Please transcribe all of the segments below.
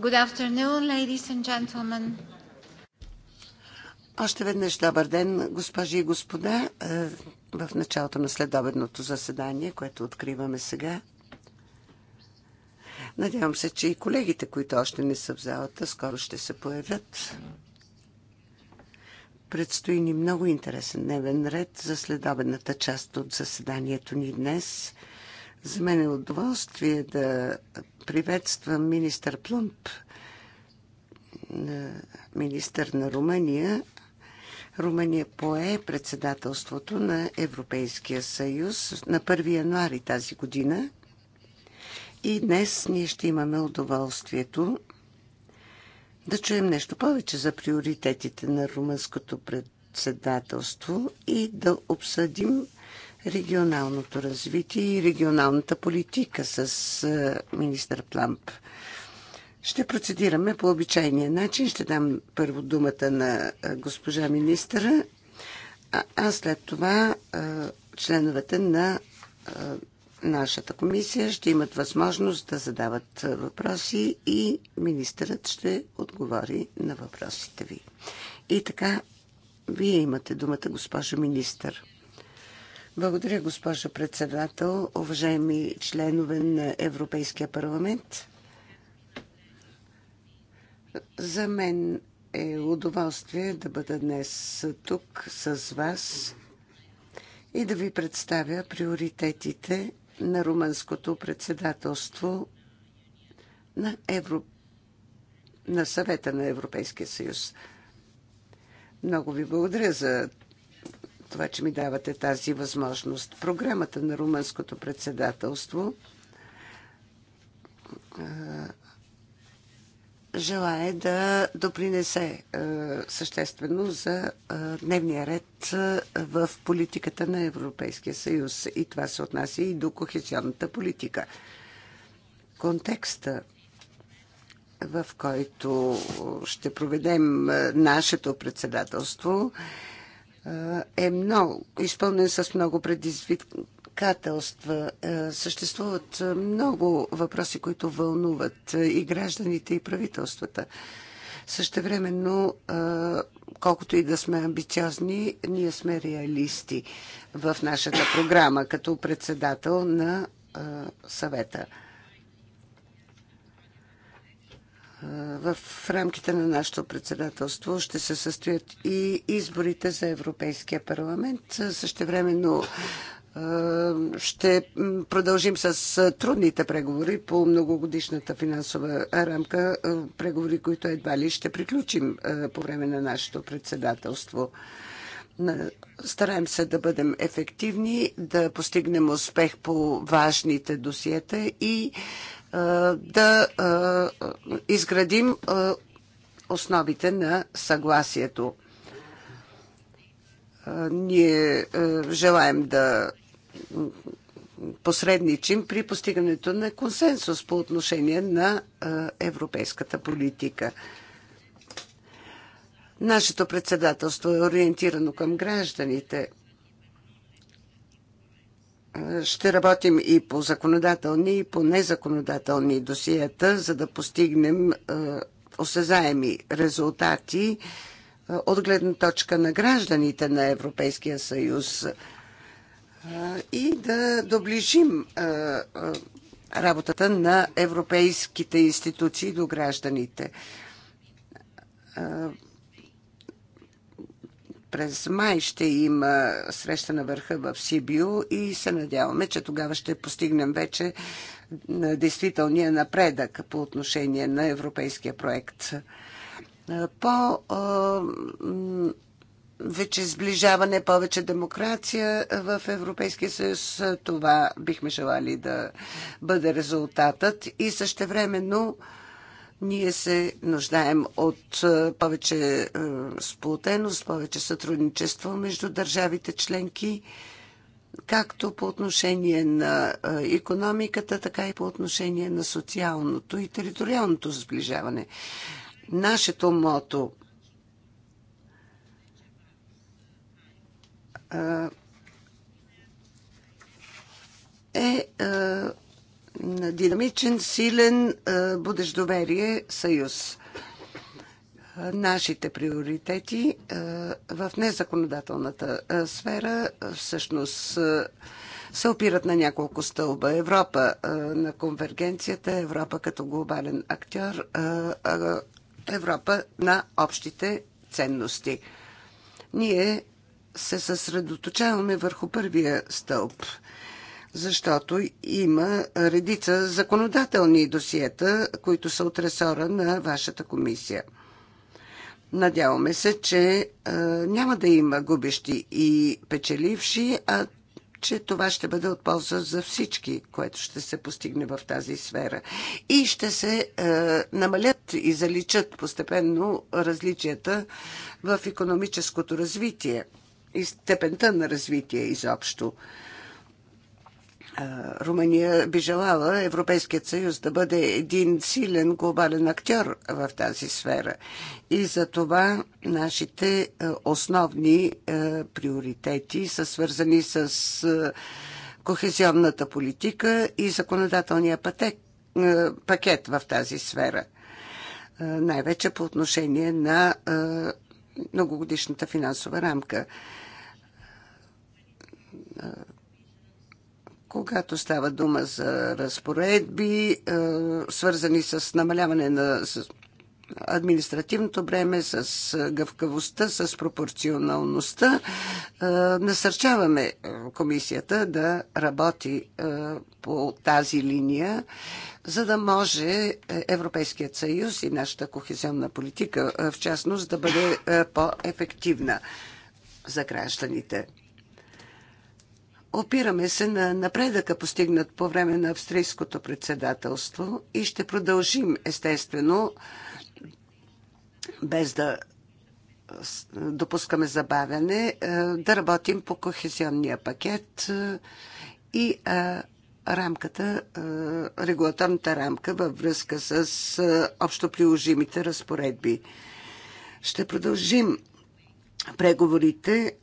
Good afternoon, ladies and gentlemen. Още веднъж добър ден, госпожи и господа, е, в началото на следобедното заседание, което откриваме сега. Надявам се, че и колегите, които още не са в залата, скоро ще се появят. Предстои ни много интересен дневен ред за следобедната част от заседанието ни днес. За мен е удоволствие да приветствам министър Плумп, министър на Румъния. Румъния пое председателството на Европейския съюз на 1 януари тази година. И днес ние ще имаме удоволствието да чуем нещо повече за приоритетите на румънското председателство и да обсъдим регионалното развитие и регионалната политика с министър Пламп. Ще процедираме по обичайния начин. Ще дам първо думата на госпожа министъра, а, а след това членовете на нашата комисия ще имат възможност да задават въпроси и министърът ще отговори на въпросите ви. И така, вие имате думата, госпожо министър. Благодаря, госпожа председател, уважаеми членове на Европейския парламент. За мен е удоволствие да бъда днес тук с вас и да ви представя приоритетите на румънското председателство на, Евро... на съвета на Европейския съюз. Много ви благодаря за това, че ми давате тази възможност. Програмата на румънското председателство желая да допринесе съществено за дневния ред в политиката на Европейския съюз. И това се отнася и до кохезионната политика. Контекста в който ще проведем нашето председателство, е много, изпълнен с много предизвикателства. Е, съществуват е, много въпроси, които вълнуват е, и гражданите, и правителствата. Същевременно, колкото и да сме амбициозни, ние сме реалисти в нашата програма като председател на съвета. Е, в рамките на нашето председателство ще се състоят и изборите за Европейския парламент. Същевременно е, ще продължим с трудните преговори по многогодишната финансова рамка, е, преговори, които едва ли ще приключим по време на нашето председателство. Стараем се да бъдем ефективни, да постигнем успех по важните досиета и да изградим основите на съгласието. Ние желаем да посредничим при постигането на консенсус по отношение на европейската политика. Нашето председателство е ориентирано към гражданите – ще работим и по законодателни, и по незаконодателни досиета, за да постигнем е, осезаеми резултати е, от гледна точка на гражданите на Европейския съюз е, и да доближим работата на европейските институции до гражданите. През май ще има среща на върха в Сибио и се надяваме, че тогава ще постигнем вече действителния напредък по отношение на европейския проект. По вече сближаване, повече демокрация в Европейския съюз. Това бихме желали да бъде резултатът и също времено ние се нуждаем от е, повече е, сплотеност, повече сътрудничество между държавите членки, както по отношение на економиката, така и по отношение на социалното и териториалното сближаване. Нашето мото е, е динамичен, силен, е, будещ доверие съюз. Е, нашите приоритети е, в незаконодателната сфера всъщност се опират на няколко стълба. Европа на конвергенцията, Европа като глобален актьор, Европа на общите ценности. Ние се съсредоточаваме върху първия стълб – защото има редица законодателни досиета, които са от ресора на вашата комисия. Надяваме се, че а, е, няма да има губещи и печеливши, а че това ще бъде от полза за всички, което ще се постигне в тази сфера. И ще се а, е, намалят и заличат постепенно различията в економическото развитие и степента на развитие изобщо. Румъния би желала Европейският съюз да бъде един силен глобален актьор в тази сфера. И за това нашите основни приоритети са свързани с кохезионната политика и законодателния пътек, пакет в тази сфера. Най-вече по отношение на многогодишната финансова рамка когато става дума за разпоредби, е, свързани с намаляване на административното бреме, с е, гъвкавостта, с пропорционалността. Е, насърчаваме комисията да работи по тази линия, за да може Европейският съюз и нашата кохезионна политика в частност да бъде по-ефективна за гражданите. Опираме се на напредъка, постигнат по време на австрийското председателство и ще продължим, естествено, без да допускаме забавяне, е, да работим по кохезионния пакет е, и е, рамката, регулаторната рамка във връзка с общо приложимите разпоредби. Ще продължим преговорите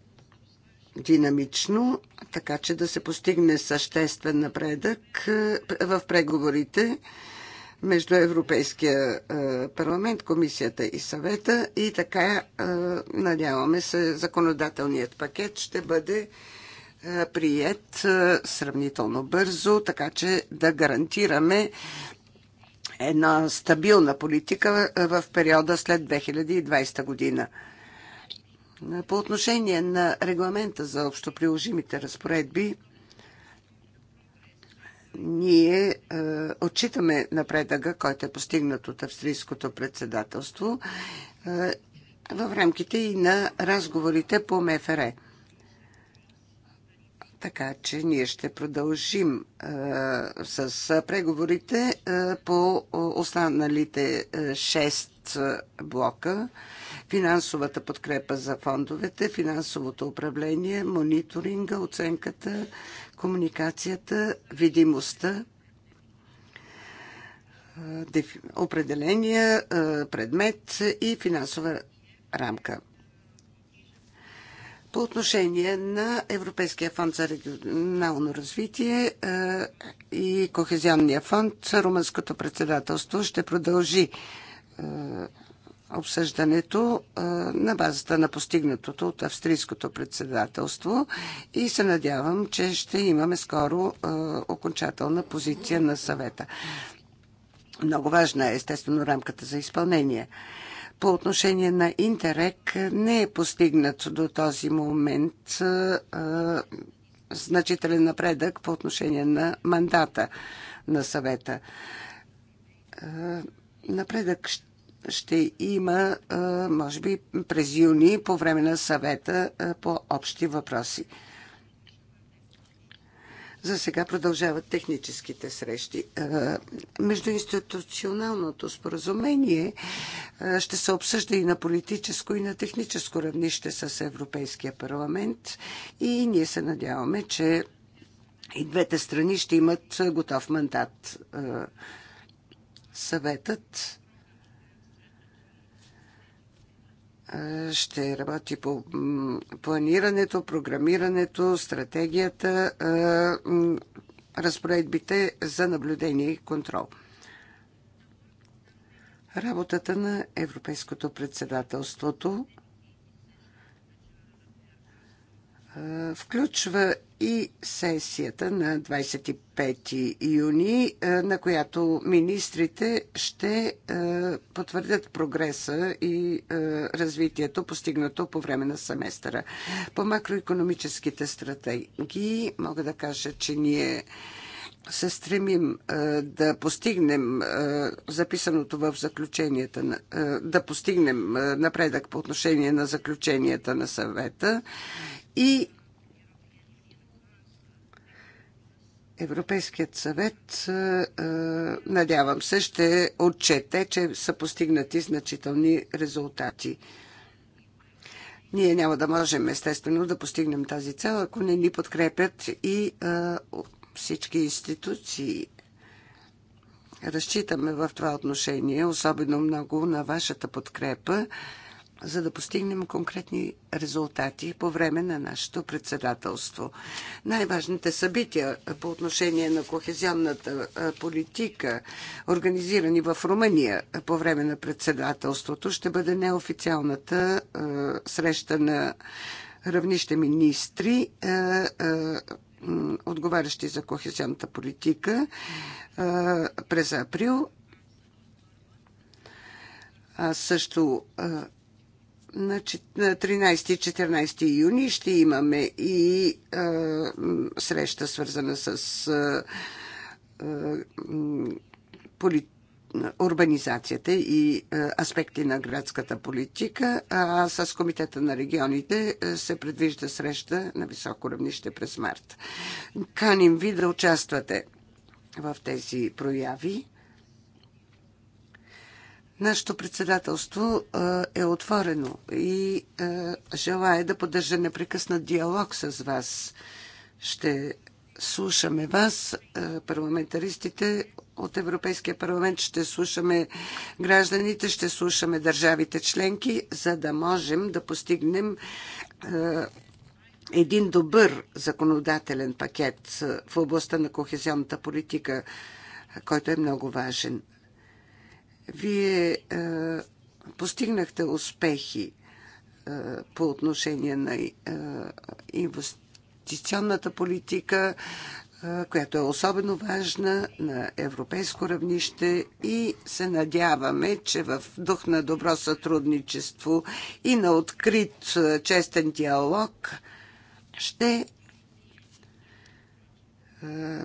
динамично, така че да се постигне съществен напредък е, в преговорите между Европейския е, парламент, комисията и съвета и така е, надяваме се законодателният пакет ще бъде прият сравнително бързо, така че да гарантираме една стабилна политика в периода след 2020 година. По отношение на регламента за общо приложимите разпоредби, ние е, отчитаме напредъга, който е постигнат от австрийското председателство е, в рамките и на разговорите по МФР. Така че ние ще продължим е, с преговорите е, по останалите 6 е, е, блока финансовата подкрепа за фондовете, финансовото управление, мониторинга, оценката, комуникацията, видимостта, определения, предмет и финансова рамка. По отношение на Европейския фонд за регионално развитие и Кохезионния фонд, Румънското председателство ще продължи обсъждането на базата на постигнатото от австрийското председателство и се надявам, че ще имаме скоро окончателна позиция на съвета. Много важна е, естествено, рамката за изпълнение. По отношение на Интерек не е постигнат до този момент значителен напредък по отношение на мандата на съвета. Напредък ще ще има, може би, през юни по време на съвета по общи въпроси. За сега продължават техническите срещи. Междуинституционалното споразумение ще се обсъжда и на политическо, и на техническо равнище с Европейския парламент и ние се надяваме, че и двете страни ще имат готов мандат. Съветът ще работи по планирането, програмирането, стратегията, разпоредбите за наблюдение и контрол. Работата на Европейското председателството Е, включва и сесията на 25 юни, е, на която министрите ще е, потвърдят прогреса и развитието, постигнато по време на семестъра. По макроекономическите стратегии мога да кажа, че ние се стремим да постигнем записаното в заключенията, на, да постигнем напредък по отношение на заключенията на съвета и Европейският съвет, е, е, надявам се, ще отчете, че са постигнати значителни резултати. Ние няма да можем, естествено, да постигнем тази цел, ако не ни подкрепят и е, всички институции. Разчитаме в това отношение особено много на вашата подкрепа за да постигнем конкретни резултати по време на нашето председателство. Най-важните събития по отношение на кохезионната политика, организирани в Румъния по време на председателството, ще бъде неофициалната среща на равнище министри, отговарящи за кохезионната политика през април. а също на 13 и 14 юни ще имаме и е, среща свързана с е, поли, урбанизацията и е, аспекти на градската политика, а с Комитета на регионите се предвижда среща на високо равнище през март. Каним ви да участвате в тези прояви Нашето председателство е отворено и желая да поддържа непрекъснат диалог с вас. Ще слушаме вас, парламентаристите от Европейския парламент, ще слушаме гражданите, ще слушаме държавите членки, за да можем да постигнем един добър законодателен пакет в областта на кохезионната политика, който е много важен. Вие е, постигнахте успехи е, по отношение на е, инвестиционната политика, е, която е особено важна на европейско равнище и се надяваме, че в дух на добро сътрудничество и на открит е, честен диалог ще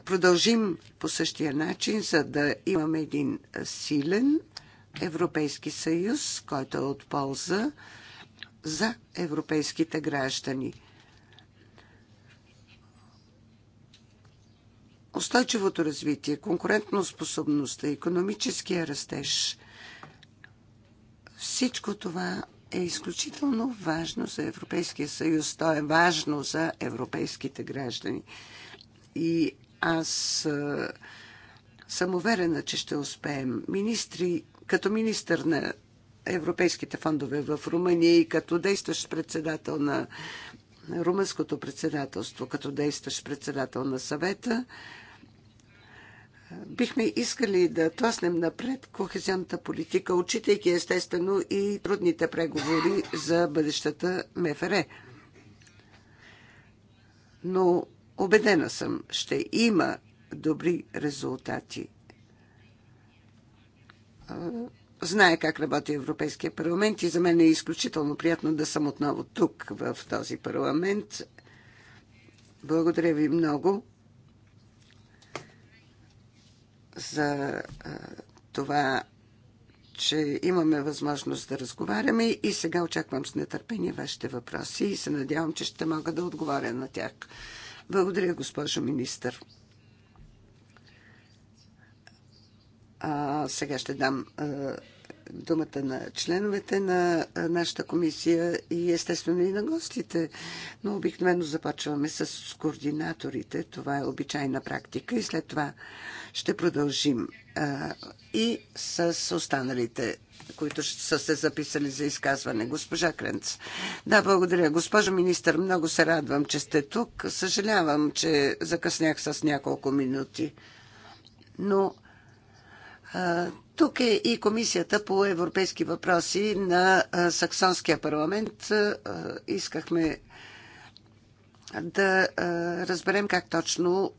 продължим по същия начин, за да имаме един силен Европейски съюз, който е от полза за европейските граждани. Устойчивото развитие, конкурентноспособността, економическия растеж – всичко това е изключително важно за Европейския съюз. То е важно за европейските граждани и аз съм уверена, че ще успеем. Министри, като министър на европейските фондове в Румъния и като действащ председател на румънското председателство, като действащ председател на съвета, бихме искали да тласнем напред кохезионната политика, отчитайки естествено и трудните преговори за бъдещата МФР. Но Обедена съм, ще има добри резултати. Знае как работи Европейския парламент и за мен е изключително приятно да съм отново тук в този парламент. Благодаря ви много за това, че имаме възможност да разговаряме и сега очаквам с нетърпение вашите въпроси и се надявам, че ще мога да отговоря на тях. Благодаря, госпожо министър. А, сега ще дам а, думата на членовете на нашата комисия и естествено и на гостите. Но обикновено започваме с координаторите. Това е обичайна практика и след това ще продължим и с останалите които са се записали за изказване. Госпожа Кренц. Да, благодаря. Госпожо министър, много се радвам, че сте тук. Съжалявам, че закъснях с няколко минути. Но тук е и Комисията по европейски въпроси на Саксонския парламент. Искахме да разберем как точно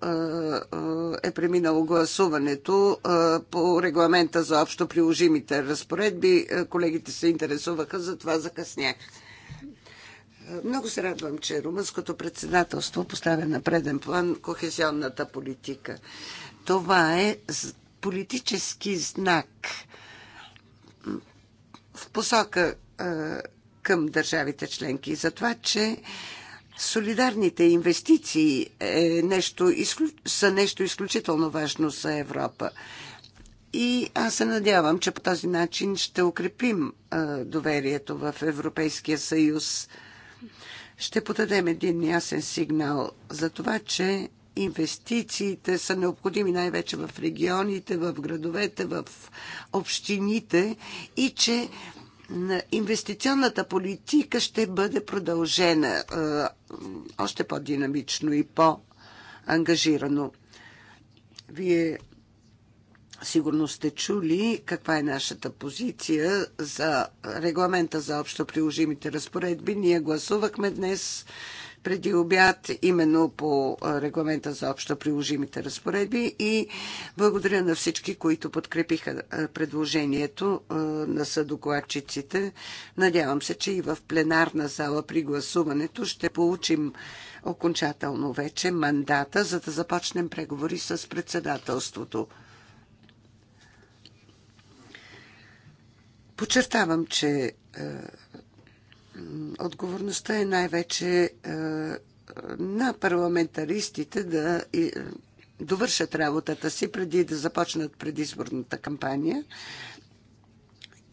е преминало гласуването по регламента за общо приложимите разпоредби. Колегите се интересуваха, затова закъснях. Много се радвам, че румънското председателство поставя на преден план кохезионната политика. Това е политически знак в посока към държавите членки за това, че солидарните инвестиции е нещо, са нещо изключително важно за Европа. И аз се надявам, че по този начин ще укрепим доверието в Европейския съюз. Ще подадем един ясен сигнал за това, че инвестициите са необходими най-вече в регионите, в градовете, в общините и че инвестиционната политика ще бъде продължена още по-динамично и по-ангажирано. Вие сигурно сте чули каква е нашата позиция за регламента за общо приложимите разпоредби. Ние гласувахме днес преди обяд, именно по регламента за общо приложимите разпоредби и благодаря на всички, които подкрепиха предложението на съдокладчиците. Надявам се, че и в пленарна зала при гласуването ще получим окончателно вече мандата, за да започнем преговори с председателството. Подчертавам, че Отговорността е най-вече е, на парламентаристите да е, довършат работата си преди да започнат предизборната кампания.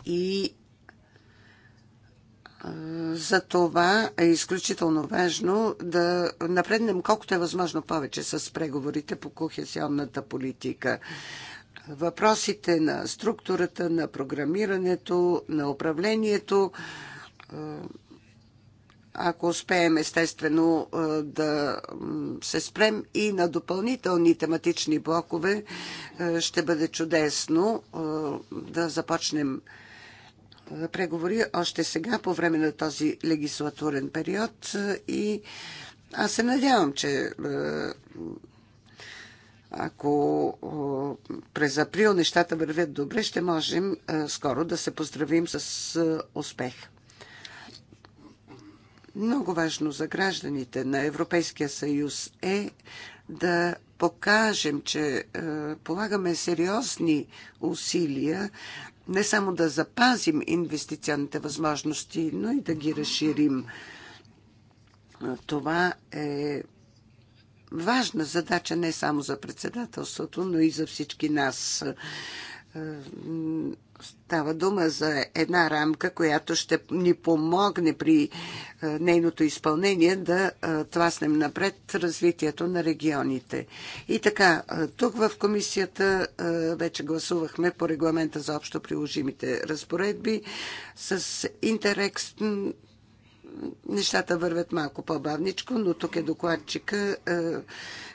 И е, за това е изключително важно да напреднем колкото е възможно повече с преговорите по кохесионната политика. Въпросите на структурата, на програмирането, на управлението е, ако успеем естествено е, да се спрем и на допълнителни тематични блокове, е, ще бъде чудесно да започнем преговори още сега по време на този легислатурен период и аз се надявам, че ако през април нещата вървят добре, ще можем скоро да се поздравим с успех. Много важно за гражданите на Европейския съюз е да покажем, че е, полагаме сериозни усилия не само да запазим инвестиционните възможности, но и да ги разширим. Това е важна задача не само за председателството, но и за всички нас. Е, Става дума за една рамка, която ще ни помогне при е, нейното изпълнение да е, тласнем напред развитието на регионите. И така, е, тук в комисията вече гласувахме по регламента за общо приложимите разпоредби с интерекс нещата вървят малко по-бавничко, но тук е докладчика,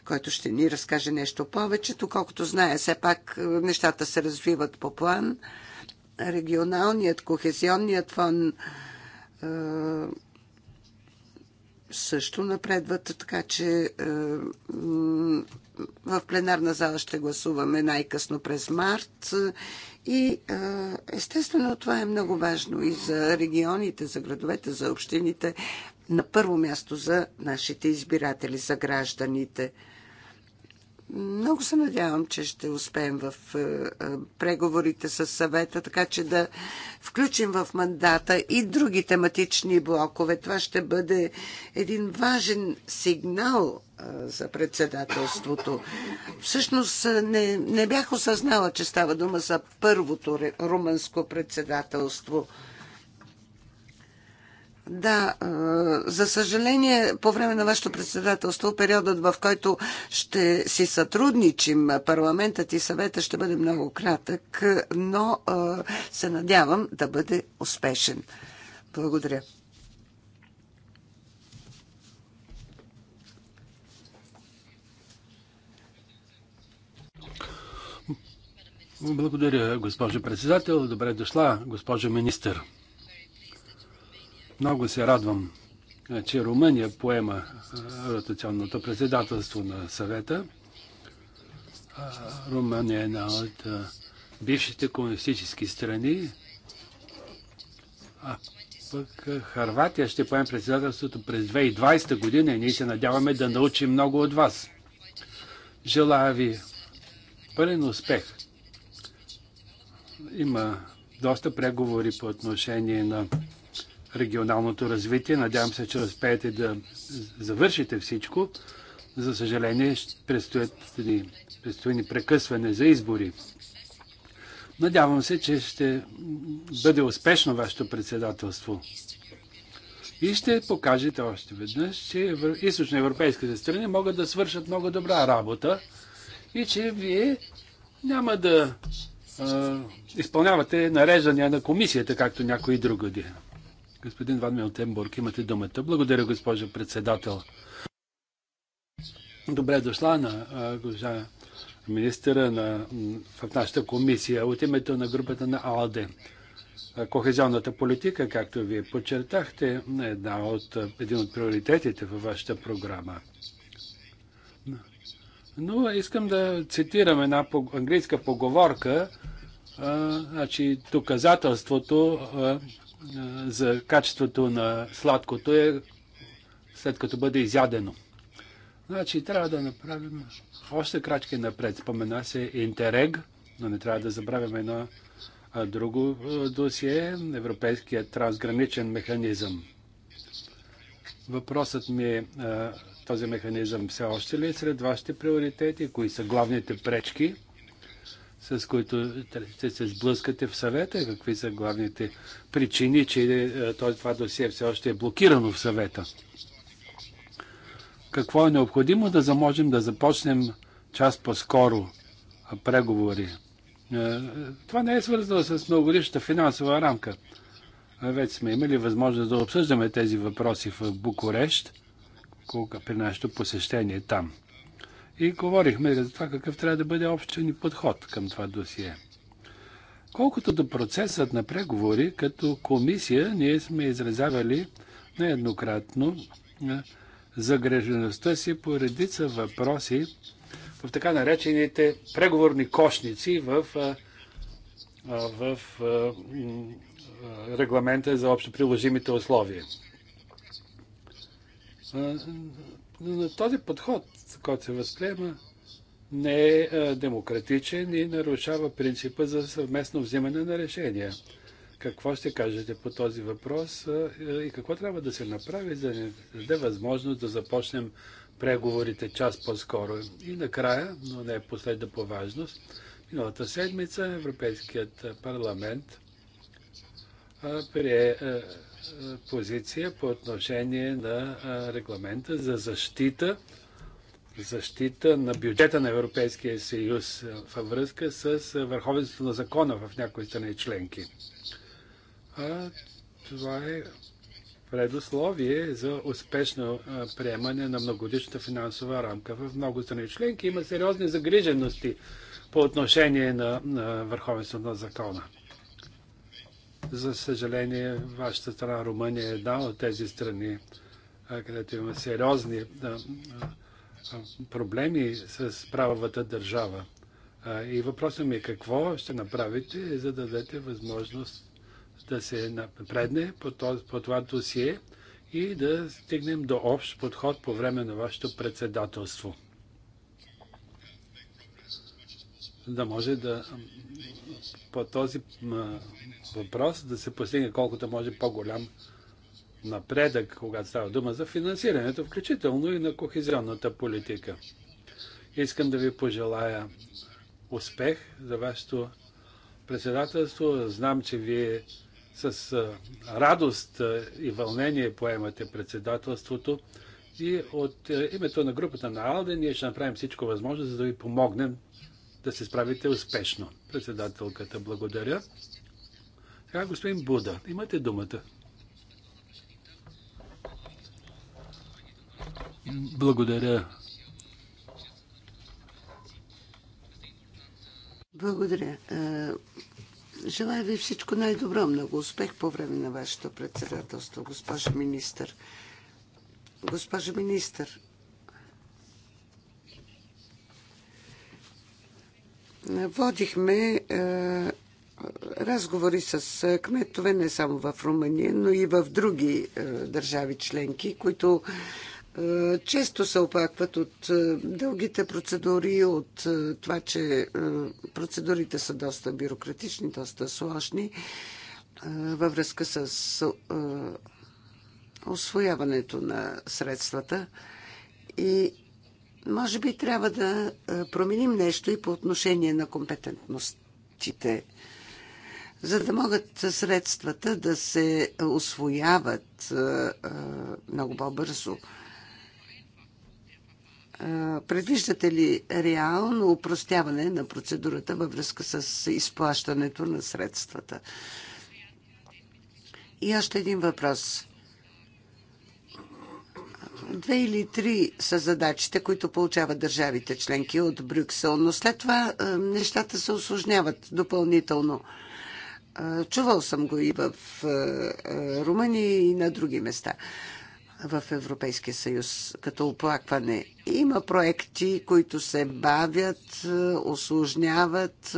който ще ни разкаже нещо повече. Колкото знае, все пак нещата се развиват по план регионалният, кохезионният фон е, също напредват, така че е, в пленарна зала ще гласуваме най-късно през март. И е, естествено това е много важно и за регионите, за градовете, за общините, на първо място за нашите избиратели, за гражданите. Много се надявам, че ще успеем в е, е, преговорите с съвета, така че да включим в мандата и други тематични блокове. Това ще бъде един важен сигнал е, за председателството. Всъщност не, не бях осъзнала, че става дума за първото румънско председателство – да, е, за съжаление, по време на вашето председателство, периодът в който ще си сътрудничим парламентът и съвета ще бъде много кратък, но е, се надявам да бъде успешен. Благодаря. Благодаря, госпожо председател. Добре дошла, госпожо министър. Много се радвам, е, че Румъния поема е, ротационното председателство на съвета. Е, Румъния е една от бившите комунистически страни, а пък Харватия ще поеме председателството през 2020 година и ние се надяваме да научим много от вас. Желая ви пълен успех. Има доста преговори по отношение на регионалното развитие. Надявам се, че успеете да завършите всичко. За съжаление, предстоят ни, предстои ни прекъсване за избори. Надявам се, че ще бъде успешно вашето председателство. И ще покажете още веднъж, че източноевропейските страни могат да свършат много добра работа и че вие няма да а, изпълнявате нареждания на комисията, както някои други. Господин Ван Милтенбург, имате думата. Благодаря, госпожо председател. Добре дошла на госпожа министъра на, в нашата комисия от името на групата на АЛД. Кохезионната политика, както вие подчертахте, е една от, един от приоритетите във вашата програма. Но искам да цитирам една английска поговорка. А, значи, доказателството а, за качеството на сладкото е след като бъде изядено. Значи трябва да направим още крачки напред. Спомена се Интерег, но не трябва да забравяме едно друго досие Европейският трансграничен механизъм. Въпросът ми е този механизъм все още ли е сред вашите приоритети? Кои са главните пречки? с които ще се сблъскате в съвета и какви са главните причини, че е, това досие все още е блокирано в съвета. Какво е необходимо да заможем да започнем част по-скоро преговори? Е, е, това не е свързано с многогодишната финансова рамка. Вече сме имали възможност да обсъждаме тези въпроси в Букурещ, колко при нашето посещение там и говорихме за това какъв трябва да бъде общен подход към това досие. Колкото до процесът на преговори, като комисия ние сме изразявали нееднократно загрежеността си по редица въпроси в така наречените преговорни кошници в, в, в, в регламента за общо приложимите условия. Но този подход, който се възклема, не е демократичен и нарушава принципа за съвместно взимане на решения. Какво ще кажете по този въпрос и какво трябва да се направи, за да ни даде възможност да започнем преговорите час по-скоро? И накрая, но не е последна по важност, миналата седмица Европейският парламент прие позиция по отношение на регламента за защита защита на бюджета на Европейския съюз във връзка с върховенството на закона в някои страни членки. А това е предусловие за успешно приемане на многодишната финансова рамка. В много страни членки има сериозни загрижености по отношение на върховенството на закона. За съжаление, вашата страна Румъния е една от тези страни, където има сериозни проблеми с правовата държава. И въпросът ми е какво ще направите, за да дадете възможност да се напредне по, по това досие и да стигнем до общ подход по време на вашето председателство. да може да по този въпрос да се постигне колкото може по-голям напредък, когато става дума за финансирането, включително и на кохезионната политика. Искам да ви пожелая успех за вашето председателство. Знам, че вие с радост и вълнение поемате председателството и от името на групата на Алде ние ще направим всичко възможно, за да ви помогнем да се справите успешно. Председателката, благодаря. Сега господин Буда, имате думата. Благодаря. Благодаря. Е, желая ви всичко най-добро. Много успех по време на вашето председателство, госпожа министър. Госпожа министър, Водихме е, разговори с е, кметове не само в Румъния, но и в други е, държави членки, които често се опакват от дългите процедури, от това, че процедурите са доста бюрократични, доста сложни във връзка с освояването на средствата. И може би трябва да е, променим нещо и по отношение на компетентностите, за да могат средствата да се освояват е, е, много по-бързо. Предвиждате ли реално упростяване на процедурата във връзка с изплащането на средствата? И още един въпрос. Две или три са задачите, които получават държавите членки от Брюксел, но след това е, нещата се осложняват допълнително. Е, чувал съм го и в е, Румъния и на други места в Европейския съюз като оплакване. Има проекти, които се бавят, осложняват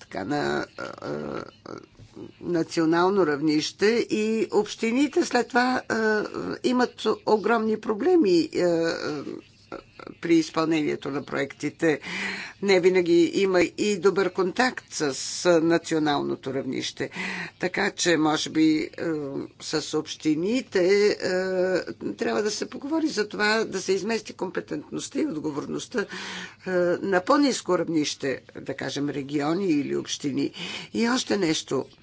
така на национално равнище и общините след това е, имат огромни проблеми е, е, при изпълнението на проектите. Не винаги има и добър контакт с националното равнище. Така че, може би, с общините трябва да се поговори за това да се измести компетентността и отговорността на по-низко равнище, да кажем региони или общини. И още нещо –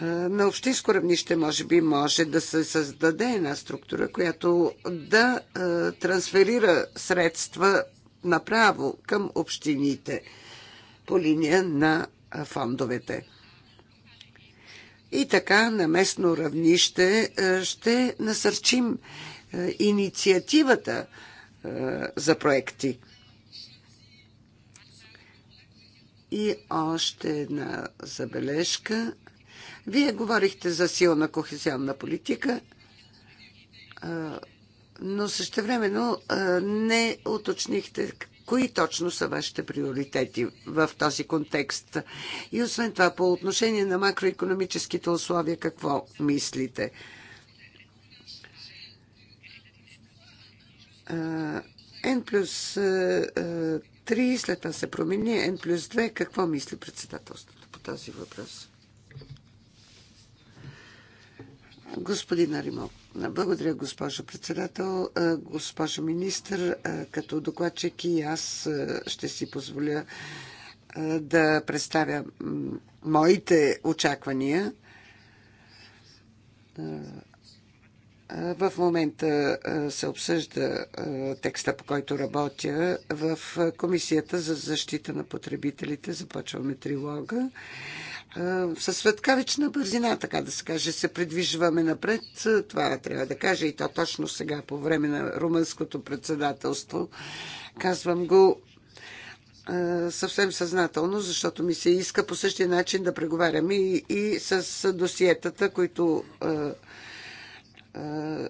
на общинско равнище може би може да се създаде една структура, която да трансферира средства направо към общините по линия на фондовете. И така на местно равнище ще насърчим инициативата за проекти. И още една забележка – вие говорихте за силна кохезионна политика, но същевременно не уточнихте кои точно са вашите приоритети в този контекст. И освен това, по отношение на макроекономическите условия, какво мислите? N плюс 3, след това се промени N плюс 2. Какво мисли председателството по този въпрос? Господин Аримо, благодаря, госпожо председател. Госпожо министр, като докладчик и аз ще си позволя да представя моите очаквания. В момента се обсъжда текста, по който работя в Комисията за защита на потребителите. Започваме трилога със светкавична бързина, така да се каже, се придвижваме напред. Това трябва да кажа и то точно сега, по време на румънското председателство. Казвам го съвсем съзнателно, защото ми се иска по същия начин да преговаряме и, и с досиетата, които а, а,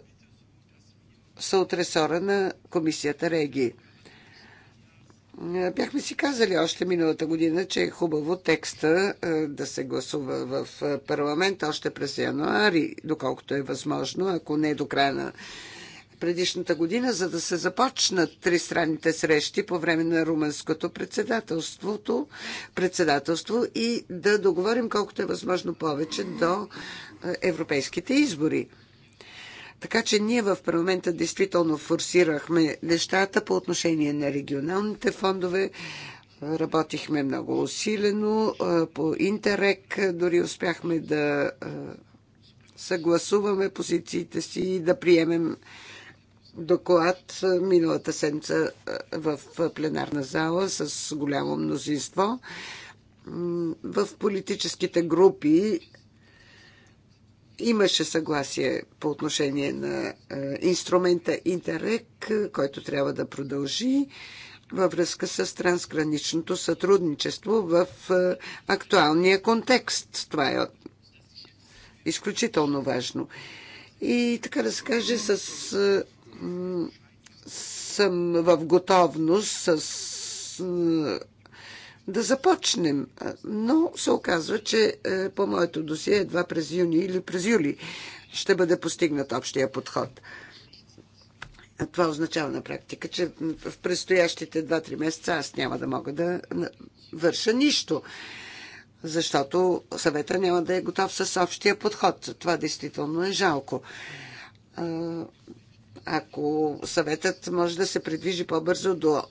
са от ресора на комисията Реги. Е, бяхме си казали още миналата година, че е хубаво текста е, да се гласува в е, парламент още през януари, доколкото е възможно, ако не до края на предишната година, за да се започнат тристранните срещи по време на румънското председателството, председателство и да договорим колкото е възможно повече до европейските избори. Така че ние в парламента действително форсирахме нещата по отношение на регионалните фондове. Работихме много усилено по Интерек, дори успяхме да съгласуваме позициите си и да приемем доклад миналата седмица в пленарна зала с голямо мнозинство. В политическите групи Имаше съгласие по отношение на е, инструмента Интерек, който трябва да продължи във връзка с трансграничното сътрудничество в е, актуалния контекст. Това е изключително важно. И така да се каже, с, е, съм в готовност с да започнем, но се оказва, че е, по моето досие едва през юни или през юли ще бъде постигнат общия подход. Това означава на практика, че в предстоящите 2-3 месеца аз няма да мога да върша нищо, защото съвета няма да е готов с общия подход. Това действително е жалко. Ако съветът може да се придвижи по-бързо до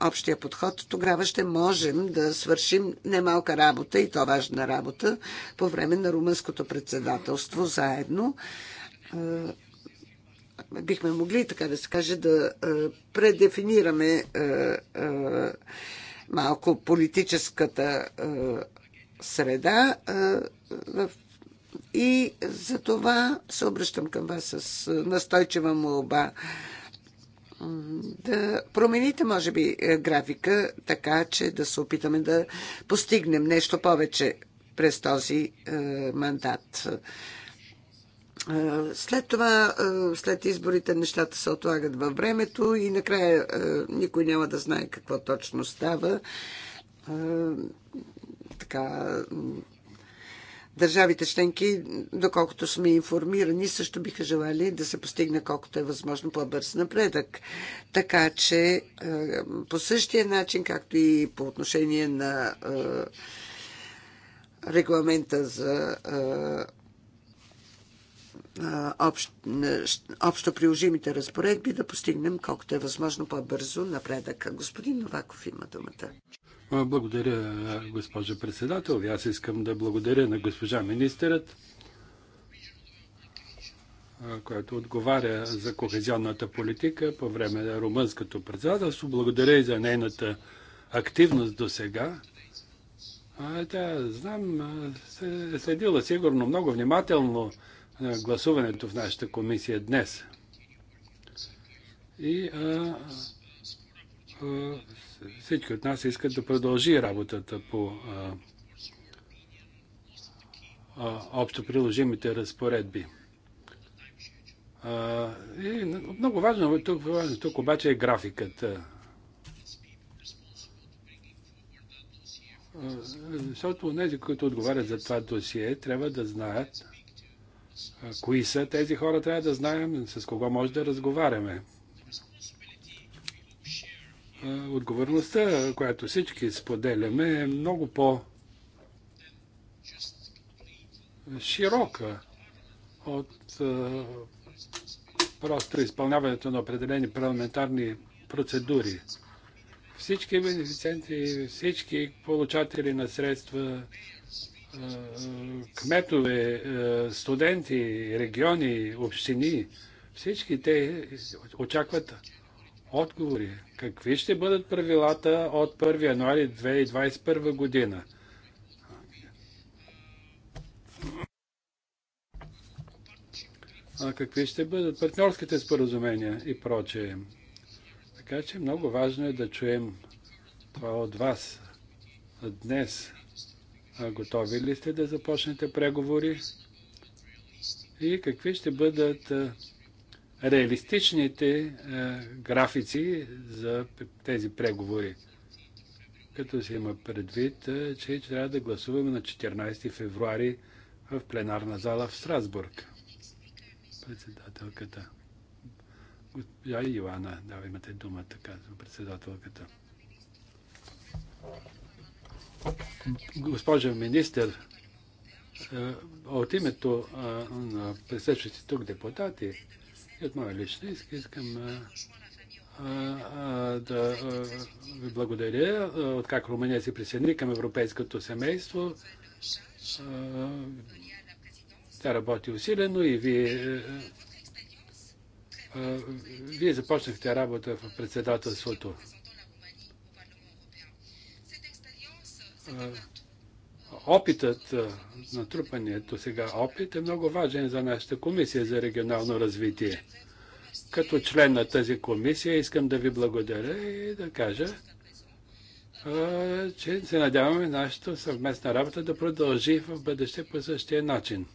общия подход, тогава ще можем да свършим немалка работа и то важна работа по време на румънското председателство заедно. Бихме могли, така да се каже, да предефинираме малко политическата среда в и за това се обръщам към вас с е, настойчива молба да промените, може би, е, графика, така че да се опитаме да постигнем нещо повече през този е, мандат. Е, след това, след изборите, нещата се отлагат във времето и накрая никой няма да знае какво точно става. Така, Държавите членки, доколкото сме информирани, също биха желали да се постигне колкото е възможно по-бърз напредък. Така че е, по същия начин, както и по отношение на е, регламента за е, общо приложимите разпоредби да постигнем колкото е възможно по-бързо напредък. Господин Новаков има думата. Благодаря, госпожо председател. Аз искам да благодаря на госпожа министърът, която отговаря за кохезионната политика по време на румънското председателство. Благодаря и за нейната активност до сега. Тя, знам, е следила сигурно много внимателно гласуването в нашата комисия днес. И а, всички от нас искат да продължи работата по общо приложимите разпоредби. И много важно тук, важно тук обаче е графиката. Защото тези, които отговарят за това досие, трябва да знаят кои са тези хора, трябва да знаем с кого може да разговаряме отговорността, която всички споделяме, е много по- широка от просто изпълняването на определени парламентарни процедури. Всички бенефициенти, всички получатели на средства, кметове, студенти, региони, общини, всички те очакват отговори. Какви ще бъдат правилата от 1 януари 2021 година? А какви ще бъдат партньорските споразумения и прочее. Така че много важно е да чуем това от вас днес. Готови ли сте да започнете преговори? И какви ще бъдат реалистичните е, графици за тези преговори. Като се има предвид, е, че трябва да гласуваме на 14 февруари в пленарна зала в Страсбург. Председателката. Госпожа Ивана, да, имате думата, казва председателката. Госпожа министър, е, от името на присъщите тук депутати, от моя лична искам а, а, да ви благодаря. Откак Румъния се присъедини към европейското семейство, а, тя работи усилено и вие вие започнахте работа в председателството опитът, натрупаният до сега опит е много важен за нашата комисия за регионално развитие. Като член на тази комисия искам да ви благодаря и да кажа, че се надяваме нашата съвместна работа да продължи в бъдеще по същия начин.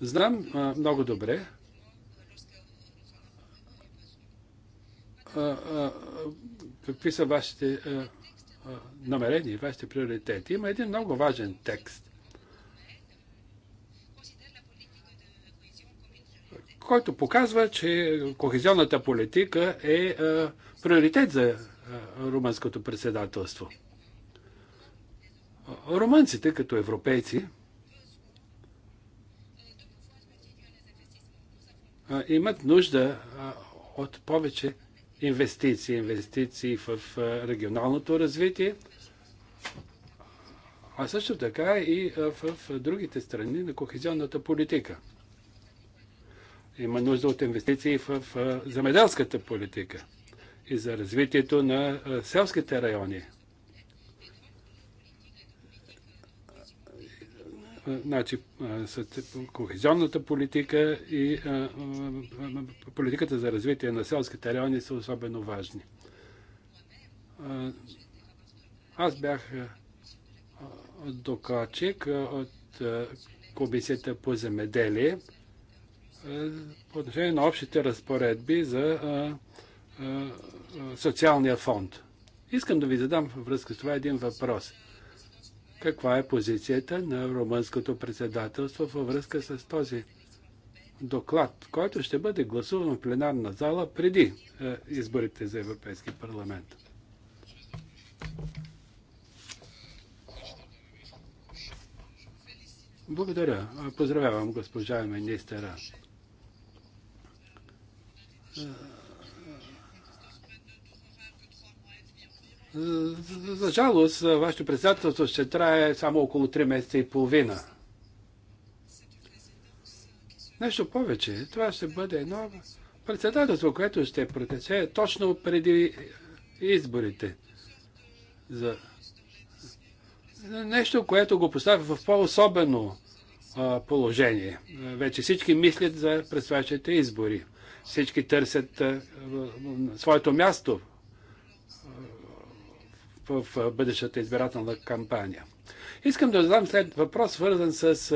Знам много добре, какви са вашите а, е, а, е, намерения, вашите приоритети. Има един много важен текст, който показва, че кохезионната политика е а, е, приоритет за а, румънското председателство. Румънците, като европейци, а, имат нужда а, от повече инвестиции. Инвестиции в регионалното развитие, а също така и в другите страни на кохезионната политика. Има нужда от инвестиции в земеделската политика и за развитието на селските райони – Значи, кохезионната политика и политиката за развитие на селските райони са особено важни. Аз бях докладчик от Комисията по земеделие по отношение на общите разпоредби за социалния фонд. Искам да ви задам във връзка с това един въпрос – каква е позицията на румънското председателство във връзка с този доклад, който ще бъде гласуван в пленарна зала преди е, изборите за Европейски парламент. Благодаря. Поздравявам госпожа министъра е, За жалост, вашето председателство ще трае само около 3 месеца и половина. Нещо повече, това ще бъде едно председателство, което ще протече точно преди изборите. За нещо, което го поставя в по-особено положение. Вече всички мислят за предстоящите избори. Всички търсят своето място в бъдещата избирателна кампания. Искам да задам след въпрос, свързан с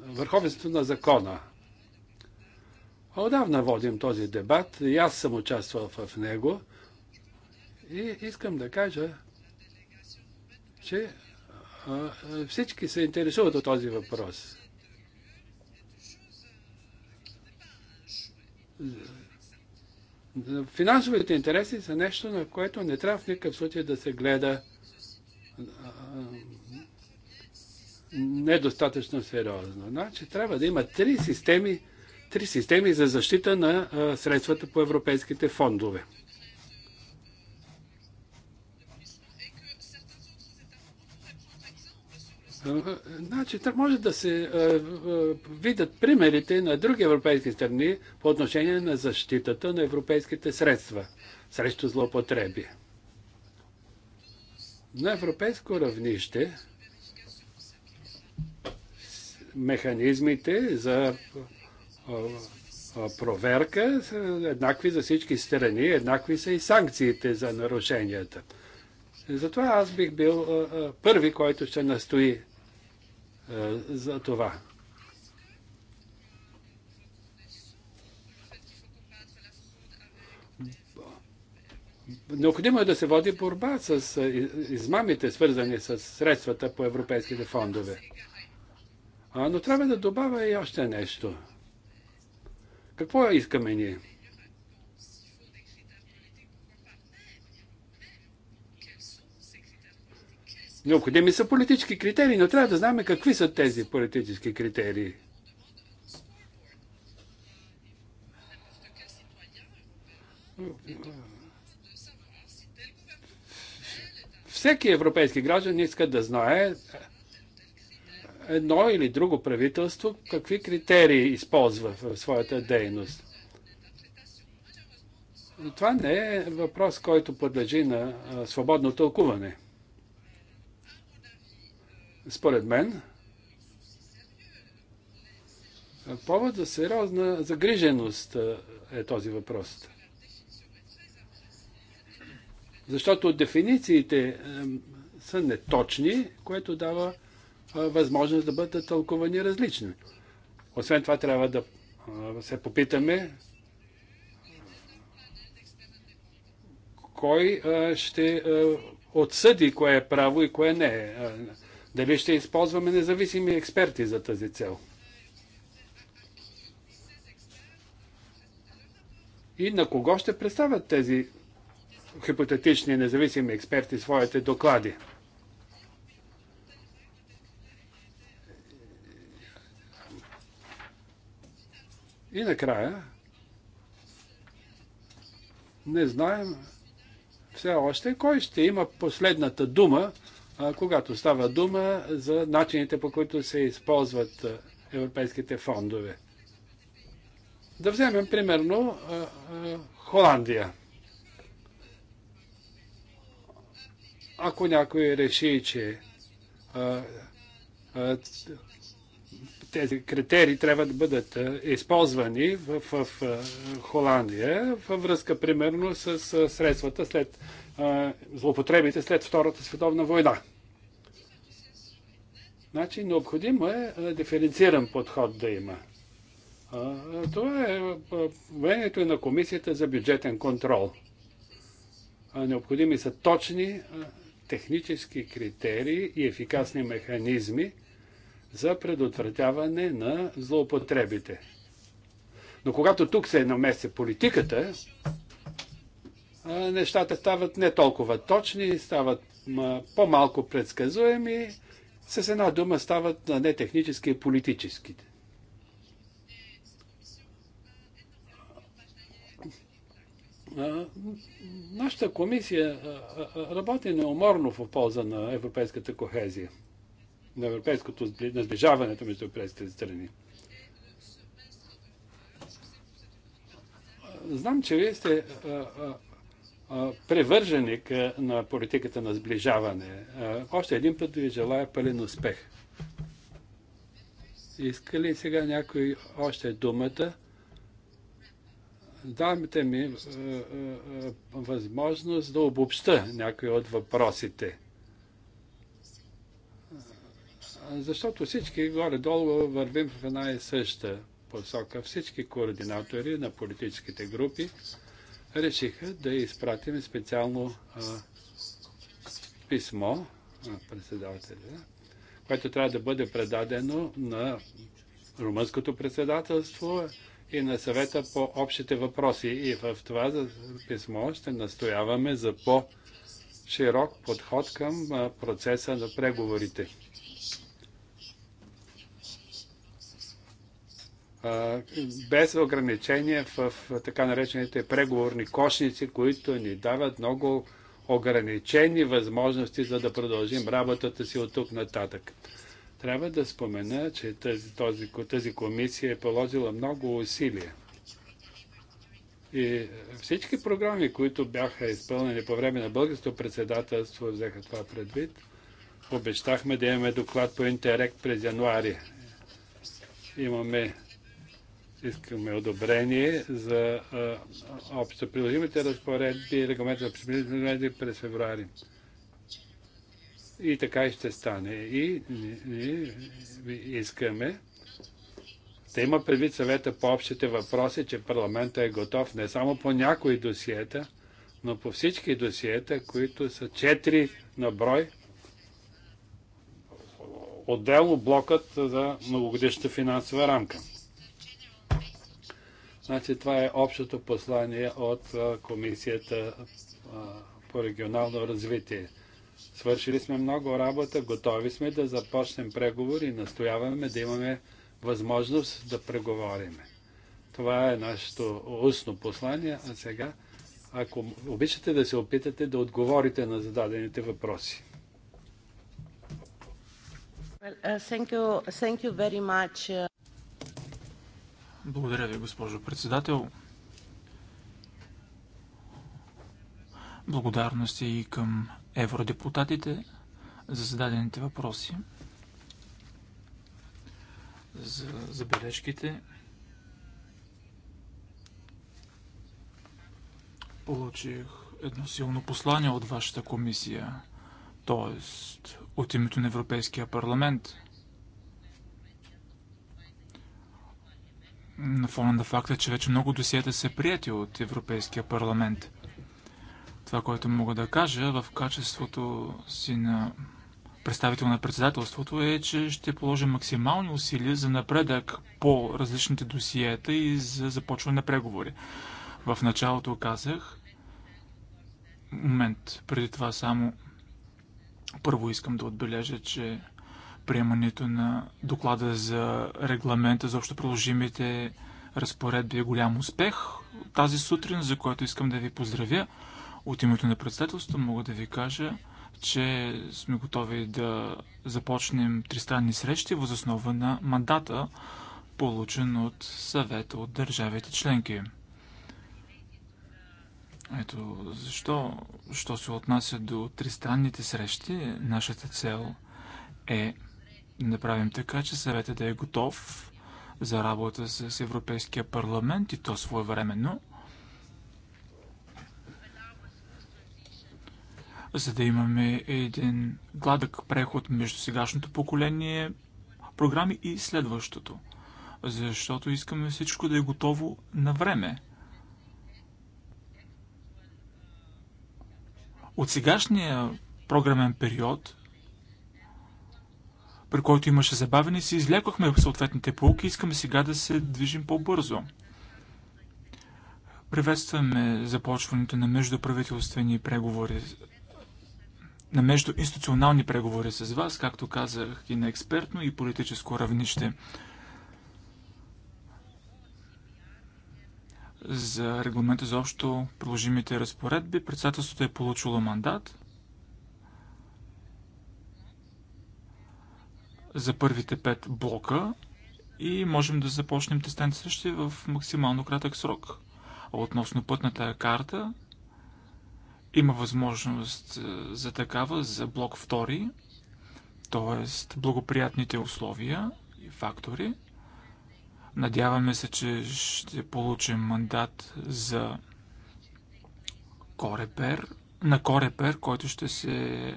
върховенството на закона. Отдавна водим този дебат и аз съм участвал в него и искам да кажа, че всички се интересуват от този въпрос Финансовите интереси са нещо, на което не трябва в никакъв случай да се гледа недостатъчно сериозно. Значи трябва да има три системи, три системи за защита на средствата по европейските фондове. Значи, може да се видят примерите на други европейски страни по отношение на защитата на европейските средства срещу злоупотреби. На европейско равнище механизмите за проверка са еднакви за всички страни, еднакви са и санкциите за нарушенията. Затова аз бих бил първи, който ще настои е, за това. Необходимо е да се води борба с е, измамите, свързани с средствата по европейските фондове. Но трябва да добавя и още нещо. Какво искаме ние? Необходими са политически критерии, но трябва да знаем какви са тези политически критерии. Всеки европейски граждан иска да знае едно или друго правителство какви критерии използва в своята дейност. Но това не е въпрос, който подлежи на свободно тълкуване. Според мен, повод за сериозна загриженост е този въпрос. Защото дефинициите е, са неточни, което дава е, възможност да бъдат тълкувани различни. Освен това трябва да е, се попитаме кой ще отсъди кое е право и кое не е. Дали ще използваме независими експерти за тази цел? И на кого ще представят тези хипотетични независими експерти своите доклади? И накрая, не знаем все още кой ще има последната дума когато става дума за начините по които се използват европейските фондове. Да вземем примерно Холандия. Ако някой реши, че тези критерии трябва да бъдат използвани в, в, в Холандия във връзка примерно с средствата след злопотребите след Втората световна война. Значи необходимо е, е диференциран подход да има. Това е, е мнението е на Комисията за бюджетен контрол. Необходими са точни технически критерии и ефикасни механизми за предотвратяване на злоупотребите. Но когато тук се намеси политиката, нещата стават не толкова точни, стават по-малко предсказуеми с една дума стават на нетехнически и политическите. Нашата комисия работи неуморно в полза на европейската кохезия, на европейското сближаването между европейските страни. Знам, че вие сте а, а, превърженик на политиката на сближаване. Още един път ви желая пълен успех. Иска ли сега някой още думата? Дамите ми възможност да обобща някои от въпросите. Защото всички горе-долу вървим в една и съща посока. Всички координатори на политическите групи решиха да изпратим специално а, писмо на председателя, което трябва да бъде предадено на румънското председателство и на съвета по общите въпроси. И в това писмо ще настояваме за по-широк подход към процеса на преговорите. без ограничения в така наречените преговорни кошници, които ни дават много ограничени възможности за да продължим работата си от тук нататък. Трябва да спомена, че тази, този, тази комисия е положила много усилия. И всички програми, които бяха изпълнени по време на българското председателство, взеха това предвид. Обещахме да имаме доклад по Интерект през януари. Имаме искаме одобрение за общо приложимите разпоредби и регламент за приложимите през февруари. И така и ще стане. И искаме да има предвид съвета по общите въпроси, че парламента е готов не само по някои досиета, но по всички досиета, които са четири на брой, отделно блокът за многогодишната финансова рамка. Значи това е общото послание от Комисията по регионално развитие. Свършили сме много работа, готови сме да започнем преговори и настояваме да имаме възможност да преговориме. Това е нашето устно послание, а сега, ако обичате да се опитате да отговорите на зададените въпроси. Well, uh, thank you, thank you uh, благодаря ви, госпожо председател. Благодарности и към евродепутатите за зададените въпроси, за забележките. Получих едно силно послание от вашата комисия, т.е. от името на Европейския парламент – на фона на факта, че вече много досиета са прияти от Европейския парламент. Това, което мога да кажа в качеството си на представител на председателството е, че ще положи максимални усилия за напредък по различните досиета и за започване на преговори. В началото казах, момент, преди това само първо искам да отбележа, че приемането на доклада за регламента за общо приложимите разпоредби е голям успех тази сутрин, за което искам да ви поздравя. От името на председателството мога да ви кажа, че сме готови да започнем тристранни срещи въз основа на мандата, получен от съвета от държавите членки. Ето защо, що се отнася до тристранните срещи, нашата цел е направим така, че съветът да е готов за работа с Европейския парламент и то своевременно, за да имаме един гладък преход между сегашното поколение програми и следващото. Защото искаме всичко да е готово на време. От сегашния програмен период при който имаше забавени си излекохме съответните полуки и искаме сега да се движим по-бързо. Приветстваме започването на междуправителствени преговори, на междуинституционални преговори с вас, както казах и на експертно и политическо равнище. За регламента за общо приложимите разпоредби председателството е получило мандат – за първите пет блока и можем да започнем дистанциращи в максимално кратък срок. относно пътната карта, има възможност е, за такава за блок 2, т.е. благоприятните условия и фактори. Надяваме се, че ще получим мандат за Корепер, на Корепер, който ще се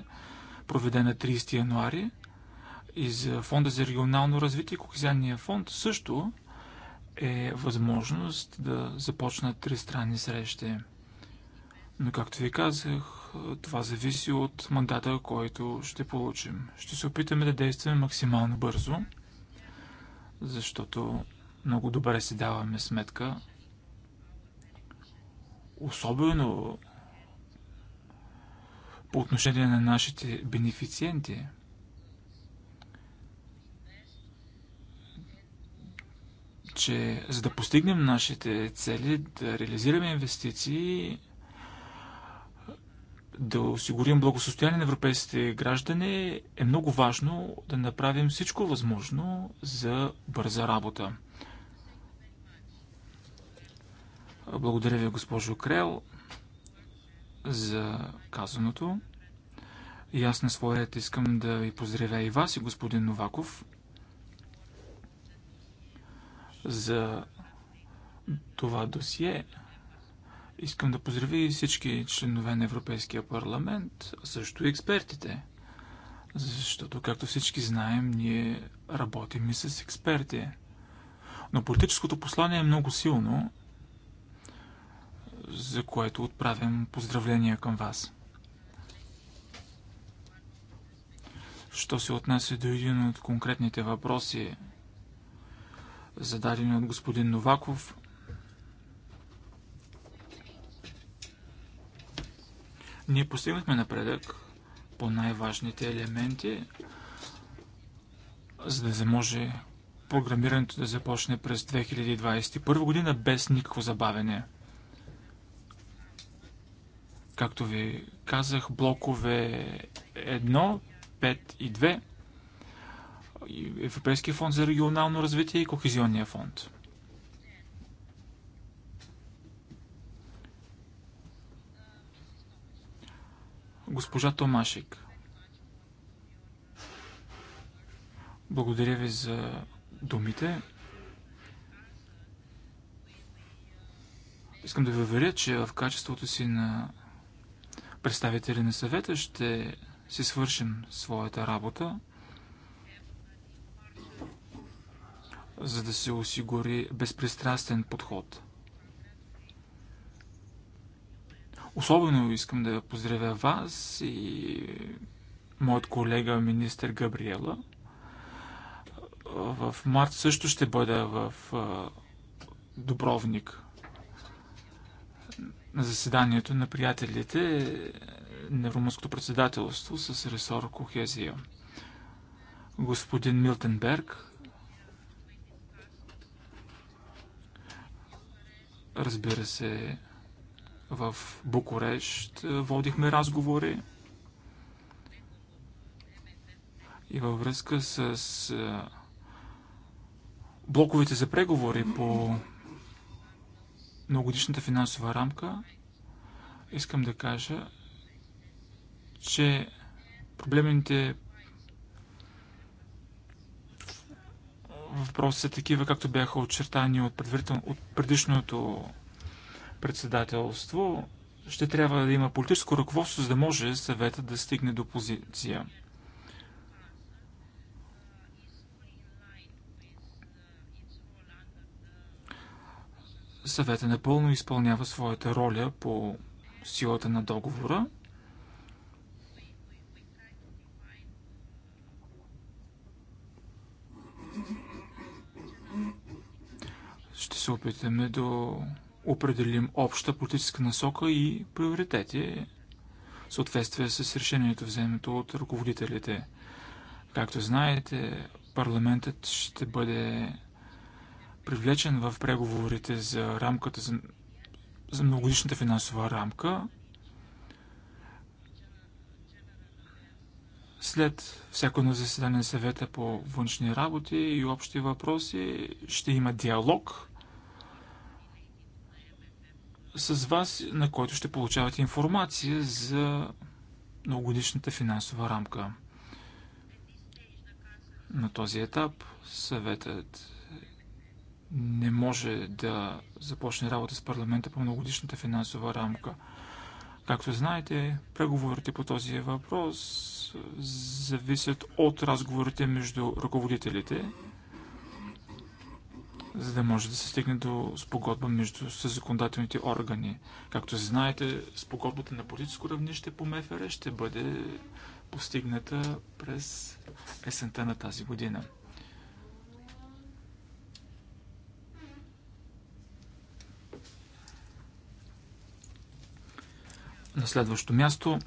проведе на 30 януари и за е, Фонда за регионално развитие, Кохезианния фонд също е възможност да започнат тристранни срещи. Но както ви казах, е, това зависи от мандата, който ще получим. Ще се опитаме да действаме максимално бързо, защото много добре си даваме сметка, особено по отношение на нашите бенефициенти – че за да постигнем нашите цели, да реализираме инвестиции, да осигурим благосостояние на европейските граждани, е много важно да направим всичко възможно за бърза работа. Благодаря ви, госпожо Крел, за казаното. И аз на своят искам да ви поздравя и вас, и господин Новаков, за това досие. Искам да поздравя и всички членове на Европейския парламент, а също и експертите. Защото, както всички знаем, ние работим и с експерти. Но политическото послание е много силно, за което отправям поздравления към вас. Що се отнася до един от конкретните въпроси, зададени от господин Новаков. Ние постигнахме напредък по най-важните елементи, за да може програмирането да започне през 2021 година без никакво забавене. Както ви казах, блокове 1, 5 и 2 Европейския фонд за регионално развитие и Кохезионния фонд. Госпожа Томашик. Благодаря ви за думите. Искам да ви уверя, че в качеството си на представители на съвета ще си свършим своята работа. за да се осигури безпристрастен подход. Особено искам да поздравя вас и моят колега министър Габриела. В март също ще бъда в Дубровник на заседанието на приятелите на румънското председателство с ресор Кохезия. Господин Милтенберг Разбира се, в Букурещ е, водихме разговори и във връзка с е, блоковете за преговори по многодишната финансова рамка, искам да кажа, че проблемните Въпросите са такива, както бяха очертани от, от предишното председателство. Ще трябва да има политическо ръководство, за да може съвета да стигне до позиция. Съвета напълно изпълнява своята роля по силата на договора. Ще се опитаме да определим обща политическа насока и приоритети в съответствие с решението вземето от ръководителите. Както знаете, парламентът ще бъде привлечен в преговорите за рамката за, за многогодишната финансова рамка. След всяко на заседание на съвета по външни работи и общи въпроси ще има диалог с вас, на който ще получавате информация за многогодишната финансова рамка. На този етап съветът не може да започне работа с парламента по многогодишната финансова рамка. Както знаете, преговорите по този въпрос зависят от разговорите между ръководителите за да може да се стигне до спогодба между законодателните органи. Както знаете, спогодбата на политическо равнище по МФР ще бъде постигната през есента на тази година. На следващо място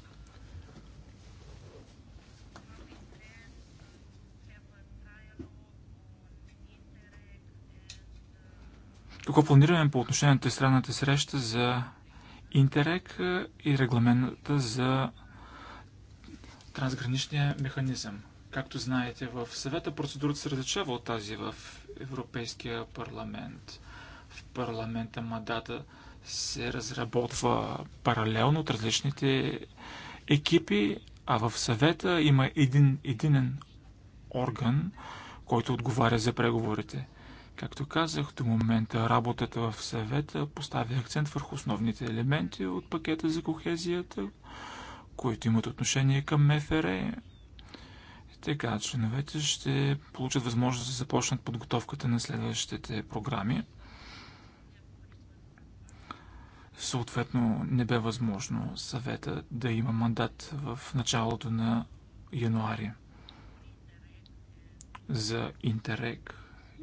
Какво планираме по отношение на тристранната среща за Интерек и регламента за трансграничния механизъм? Както знаете, в съвета процедурата се различава от тази в Европейския парламент. В парламента мандата се разработва паралелно от различните екипи, а в съвета има един единен орган, който отговаря за преговорите. Както казах, до момента работата в съвета поставя акцент върху основните елементи от пакета за кохезията, които имат отношение към МФР. Така, членовете ще получат възможност да започнат подготовката на следващите програми. Съответно, не бе възможно съвета да има мандат в началото на януари за интерек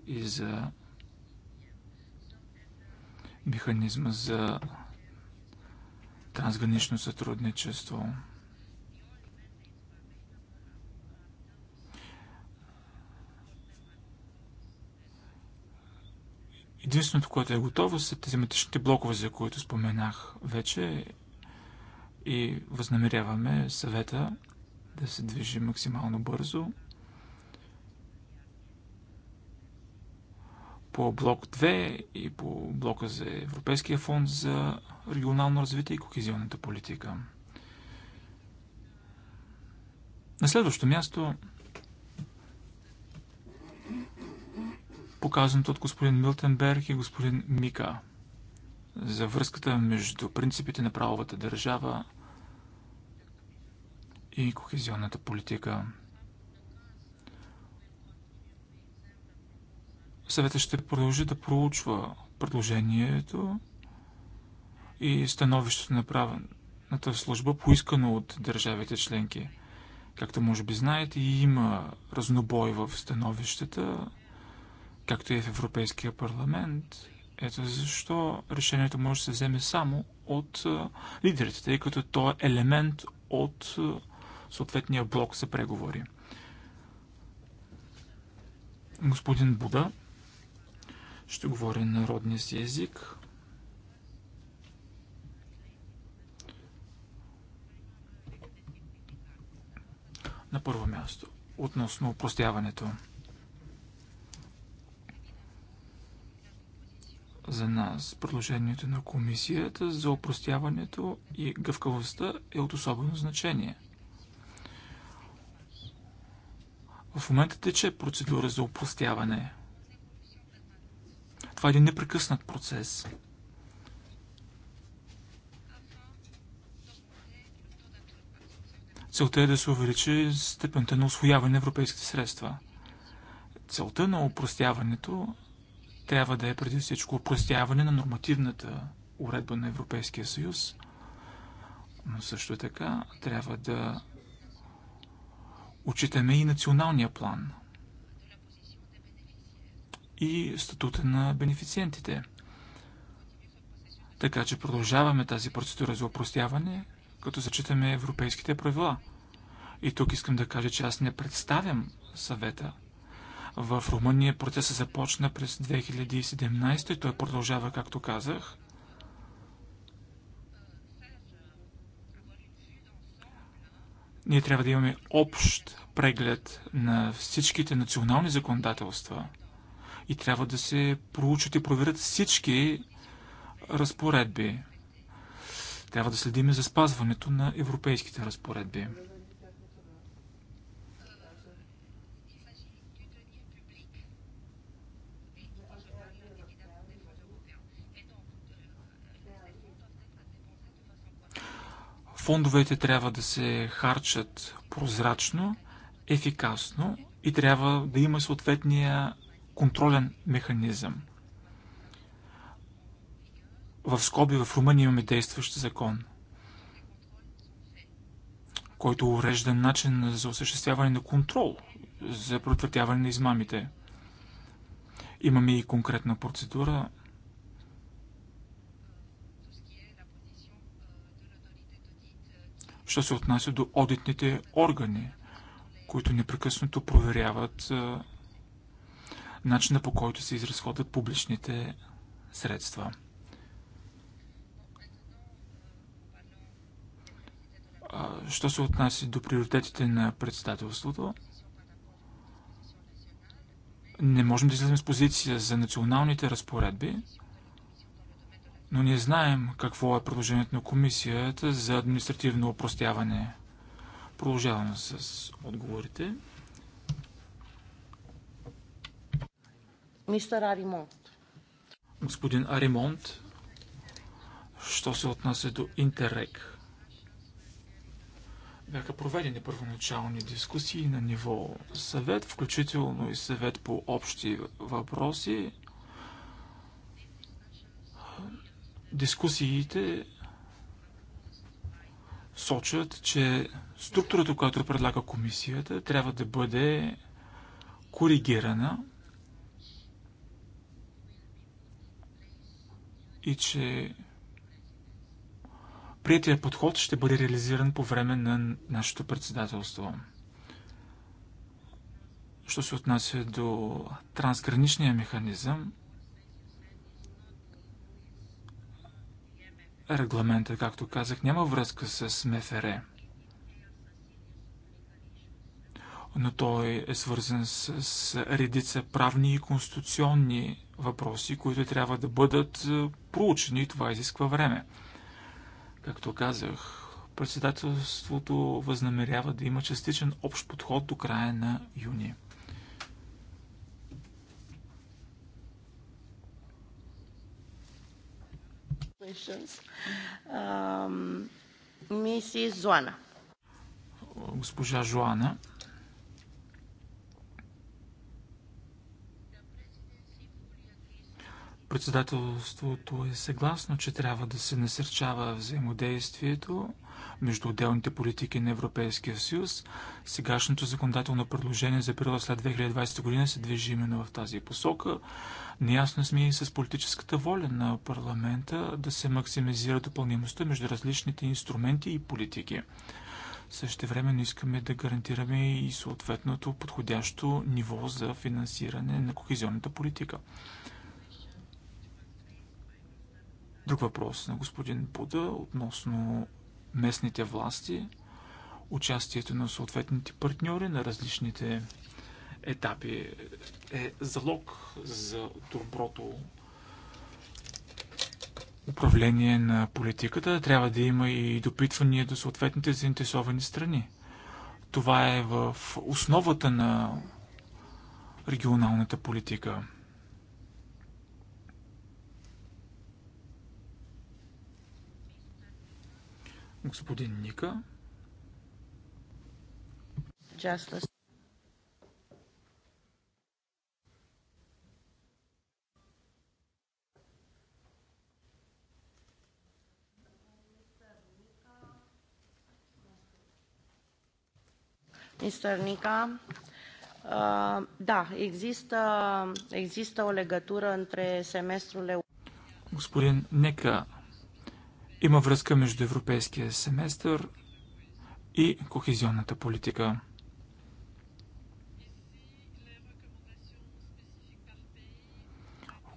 и за механизма за трансгранично сътрудничество. Единственото, което е готово, са тематичните блокове, за които споменах вече и възнамеряваме съвета да се движи максимално бързо. по блок 2 и по блока за Европейския фонд за регионално развитие и кохезионната политика. На следващо място показаното от господин Милтенберг и господин Мика за връзката между принципите на правовата държава и кохезионната политика. Съветът ще продължи да проучва предложението и становището на правната служба, поискано от държавите членки. Както може би знаете, има разнобой в становищата, както и в Европейския парламент. Ето защо решението може да се вземе само от лидерите, тъй като то е елемент от съответния блок за преговори. Господин Буда. Ще говоря на родния си език. На първо място, относно упростяването. За нас предложението на комисията за упростяването и гъвкавостта е от особено значение. В момента тече процедура за упростяване – това е един непрекъснат процес. Целта е да се увеличи степента на освояване на европейските средства. Целта на упростяването трябва да е преди всичко упростяване на нормативната уредба на Европейския съюз, но също така трябва да отчитаме и националния план – и статута на бенефициентите. Така че продължаваме тази процедура за опростяване, като зачитаме европейските правила. И тук искам да кажа, че аз не представям съвета. В Румъния процесът започна през 2017 и той продължава, както казах. Ние трябва да имаме общ преглед на всичките национални законодателства – и трябва да се проучат и проверят всички разпоредби. Трябва да следим за спазването на европейските разпоредби. Фондовете трябва да се харчат прозрачно, ефикасно и трябва да има съответния контролен механизъм. В скоби в Румъния имаме действащ закон, който урежда начин за осъществяване на контрол, за предотвратяване на измамите. Имаме и конкретна процедура що се отнася до одитните органи, които непрекъснато проверяват начина по който се изразходват публичните средства. Що се отнася до приоритетите на председателството, не можем да излезем с позиция за националните разпоредби, но ние знаем какво е предложението на комисията за административно опростяване. Продължаваме с отговорите. Мистер Аримонт. Господин Аримонт, що се отнася до Интеррек? Бяха проведени първоначални дискусии на ниво съвет, включително и съвет по общи въпроси. Дискусиите сочат, че структурата, която предлага комисията, трябва да бъде коригирана – и че приятия подход ще бъде реализиран по време на нашето председателство. Що се отнася до трансграничния механизъм, регламента, както казах, няма връзка с МФР. но той е свързан с, с редица правни и конституционни въпроси, които трябва да бъдат е, проучени и това изисква време. Както казах, председателството възнамерява да има частичен общ подход до края на юни. Мисис Зоана. Госпожа Жоана. Председателството е съгласно, че трябва да се насърчава взаимодействието между отделните политики на Европейския съюз. Сегашното законодателно предложение за периода след 2020 година се движи именно в тази посока. Неясно сме и с политическата воля на парламента да се максимизира допълнимостта между различните инструменти и политики. Същевременно искаме да гарантираме и съответното подходящо ниво за финансиране на кохезионната политика. Друг въпрос на господин Буда относно местните власти, участието на съответните партньори на различните етапи е залог за доброто управление на политиката. Трябва да има и допитвания до съответните заинтересовани страни. Това е в основата на регионалната политика. Господин Ника. Justice. Mr. Nica, da, există, există o legătură între semestrul Господин Нека, има връзка между европейския семестър и кохезионната политика.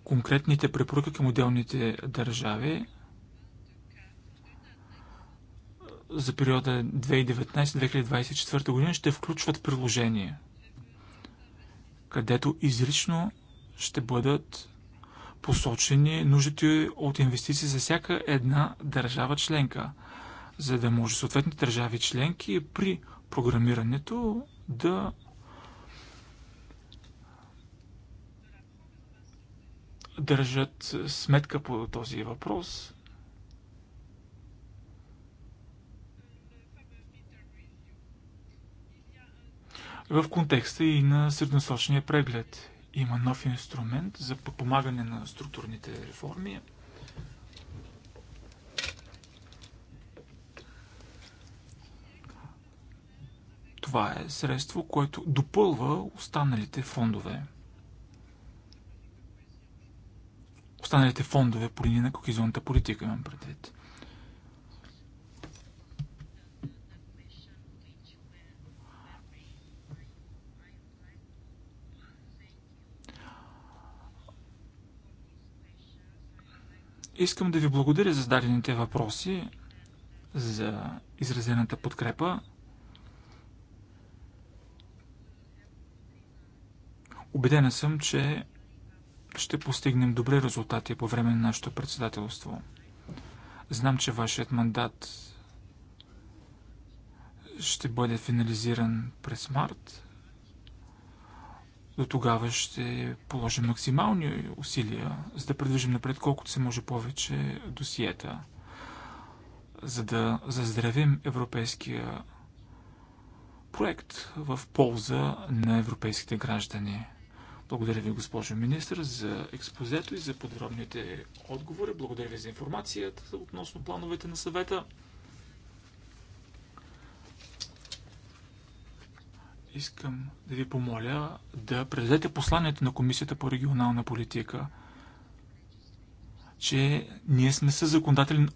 Конкретните препоръки към отделните държави за периода 2019-2024 година ще включват приложение, където изрично ще бъдат посочени нуждите от инвестиции за всяка една държава членка, за да може съответните държави членки при програмирането да държат сметка по този въпрос. В контекста и на средносрочния преглед има нов инструмент за подпомагане на структурните реформи. Това е средство, което допълва останалите фондове. Останалите фондове по линия на кохезионната политика имам предвид. Искам да ви благодаря за зададените въпроси, за изразената подкрепа. Убедена съм, че ще постигнем добри резултати по време на нашето председателство. Знам, че вашият мандат ще бъде финализиран през март. До тогава ще положим максимални усилия, за да предвижим напред колкото се може повече досиета, за да заздравим европейския проект в полза на европейските граждани. Благодаря ви, госпожо министр, за експозето и за подробните отговори. Благодаря ви за информацията относно плановете на съвета. Искам да ви помоля да предадете посланието на Комисията по регионална политика, че ние сме със законодателен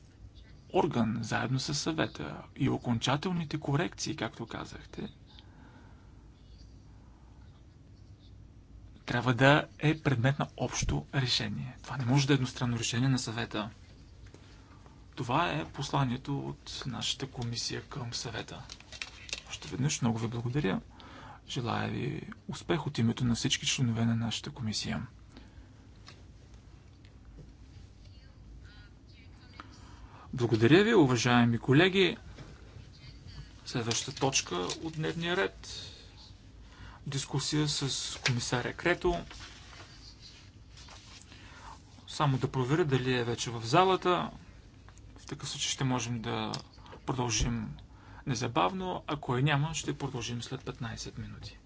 орган, заедно с съвета и окончателните корекции, както казахте, трябва да е предмет на общо решение. Това не може да е едностранно решение на съвета. Това е посланието от нашата комисия към съвета. Още веднъж много ви благодаря. Желая ви успех от името на всички членове на нашата комисия. Благодаря ви, уважаеми колеги. Следващата точка от дневния ред. Дискусия с комисаря Крето. Само да проверя дали е вече в залата. В такъв случай ще можем да продължим Незабавно, ако я няма, ще продължим след 15 минути.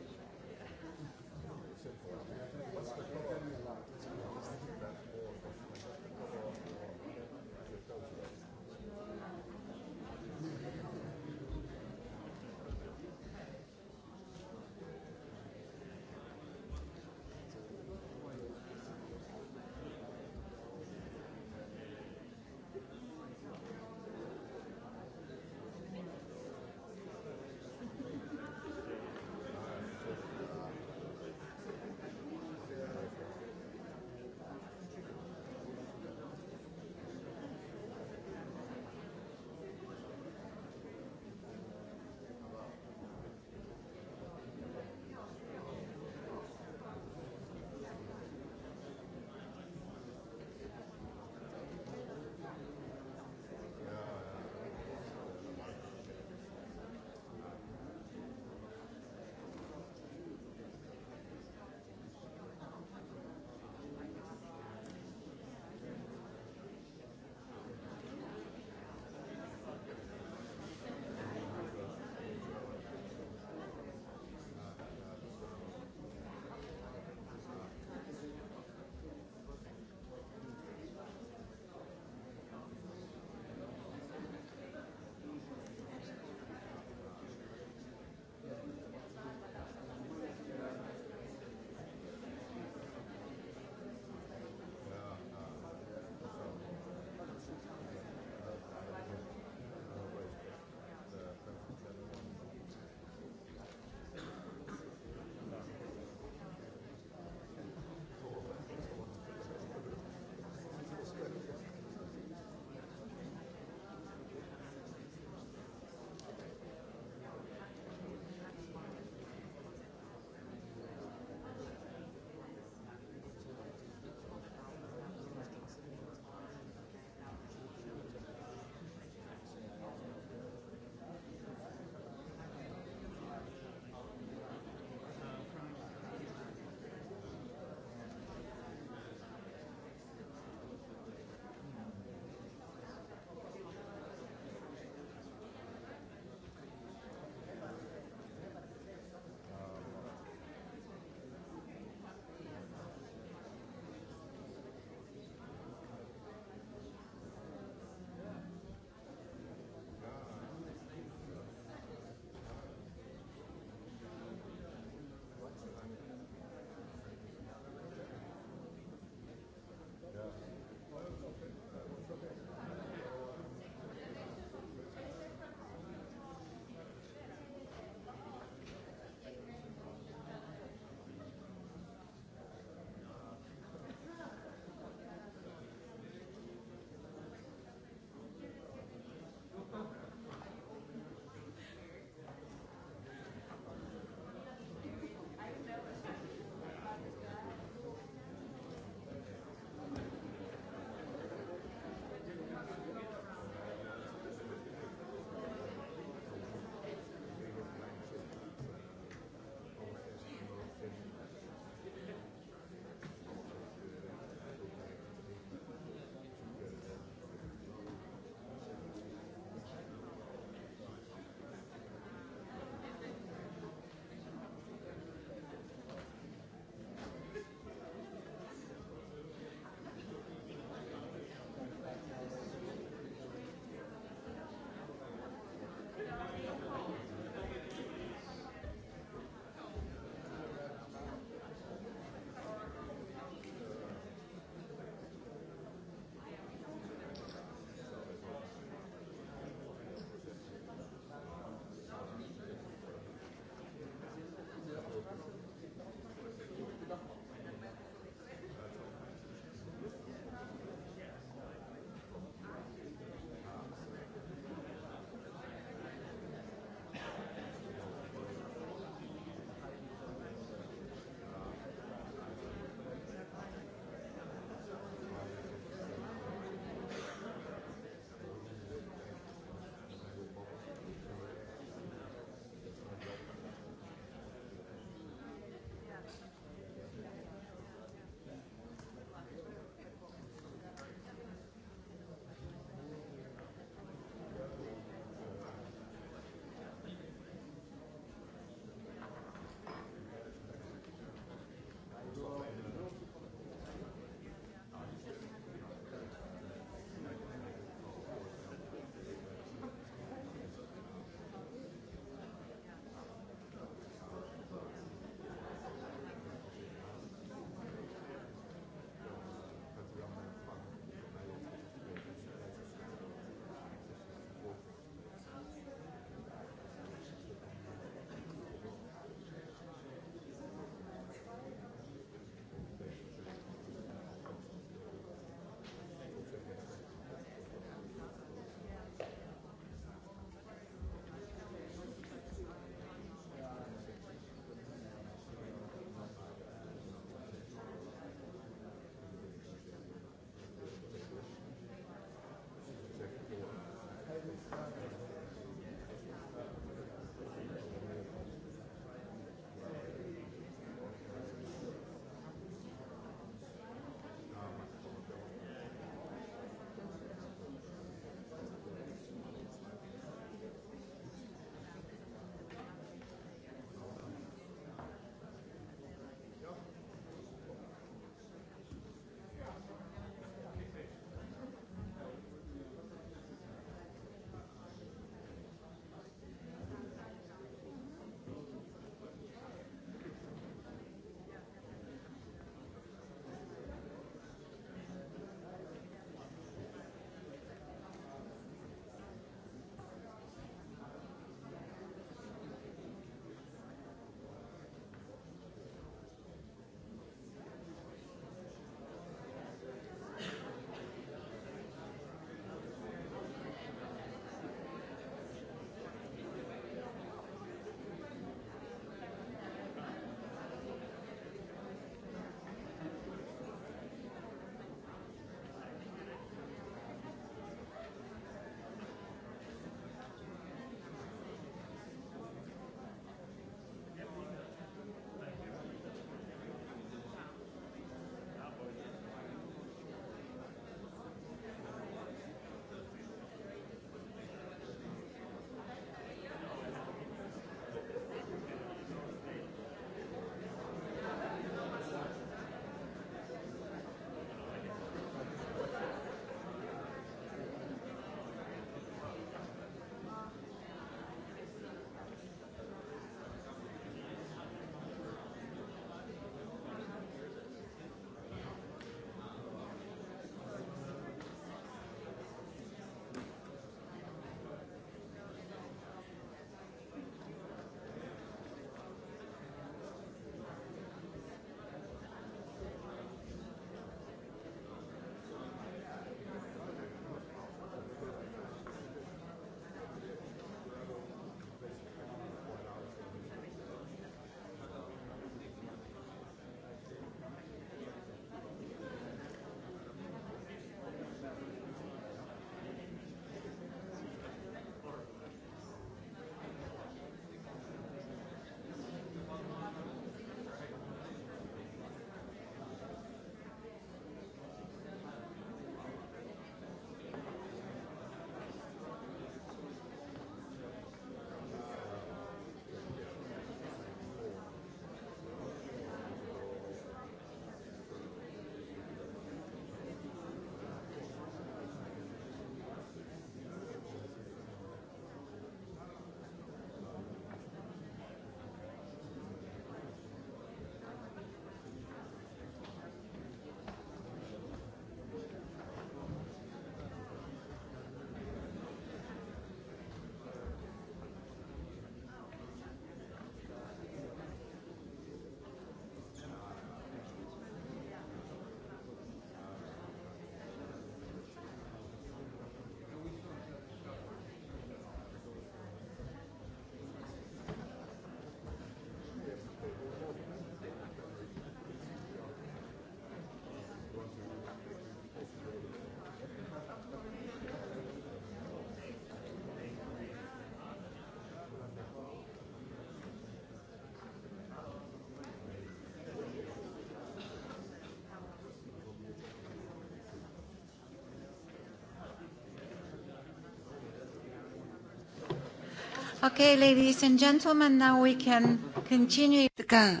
Така,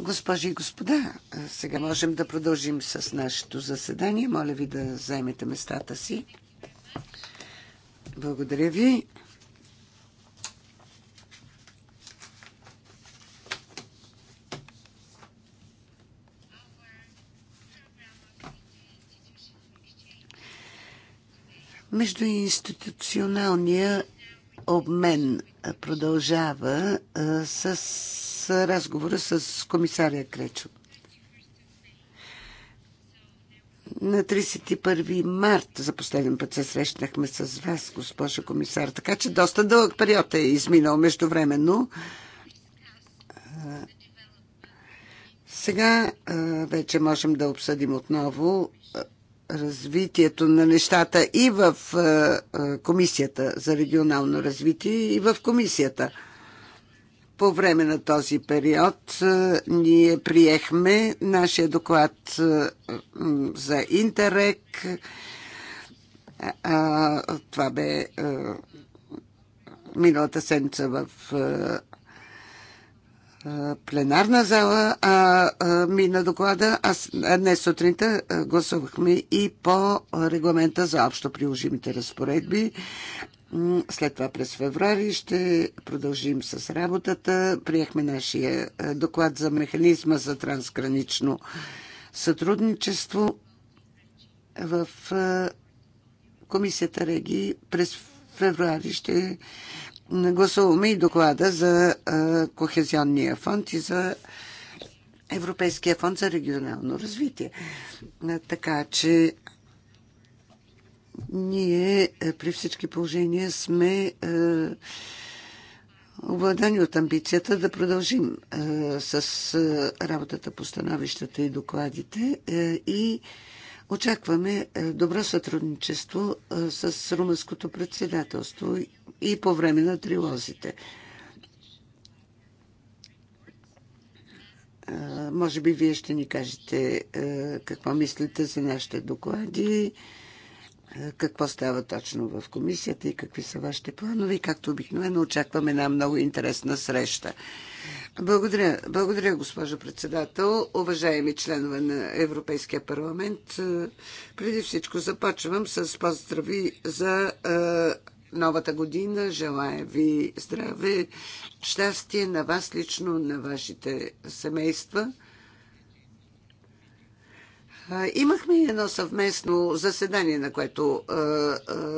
госпожи и господа, сега можем да продължим с нашето заседание. Моля ви да заемете местата си. Благодаря ви. Междуинституционалния обмен продължава с разговора с комисаря Кречо. На 31 март за последен път се срещнахме с вас, госпожа комисар, така че доста дълъг период е изминал междувременно. Сега вече можем да обсъдим отново развитието на нещата и в е, е, Комисията за регионално развитие, и в Комисията. По време на този период е, ние приехме нашия доклад за Интерек. Това бе миналата седмица в пленарна зала, а, а мина доклада. Аз днес сутринта гласувахме и по регламента за общо приложимите разпоредби. След това през феврари ще продължим с работата. Приехме нашия доклад за механизма за трансгранично сътрудничество в комисията Реги през февруари ще гласуваме и доклада за Кохезионния фонд и за Европейския фонд за регионално развитие. Така че ние при всички положения сме обладани от амбицията да продължим с работата по становищата и докладите и Очакваме е, добро сътрудничество е, с румънското председателство и по време на трилозите. Е, може би вие ще ни кажете какво мислите за нашите доклади какво става точно в комисията и какви са вашите планове. И както обикновено очакваме една много интересна среща. Благодаря, благодаря госпожо председател, уважаеми членове на Европейския парламент. Е, преди всичко започвам с поздрави за е, новата година. Желая ви здраве, щастие на вас лично, на вашите семейства – Имахме едно съвместно заседание, на което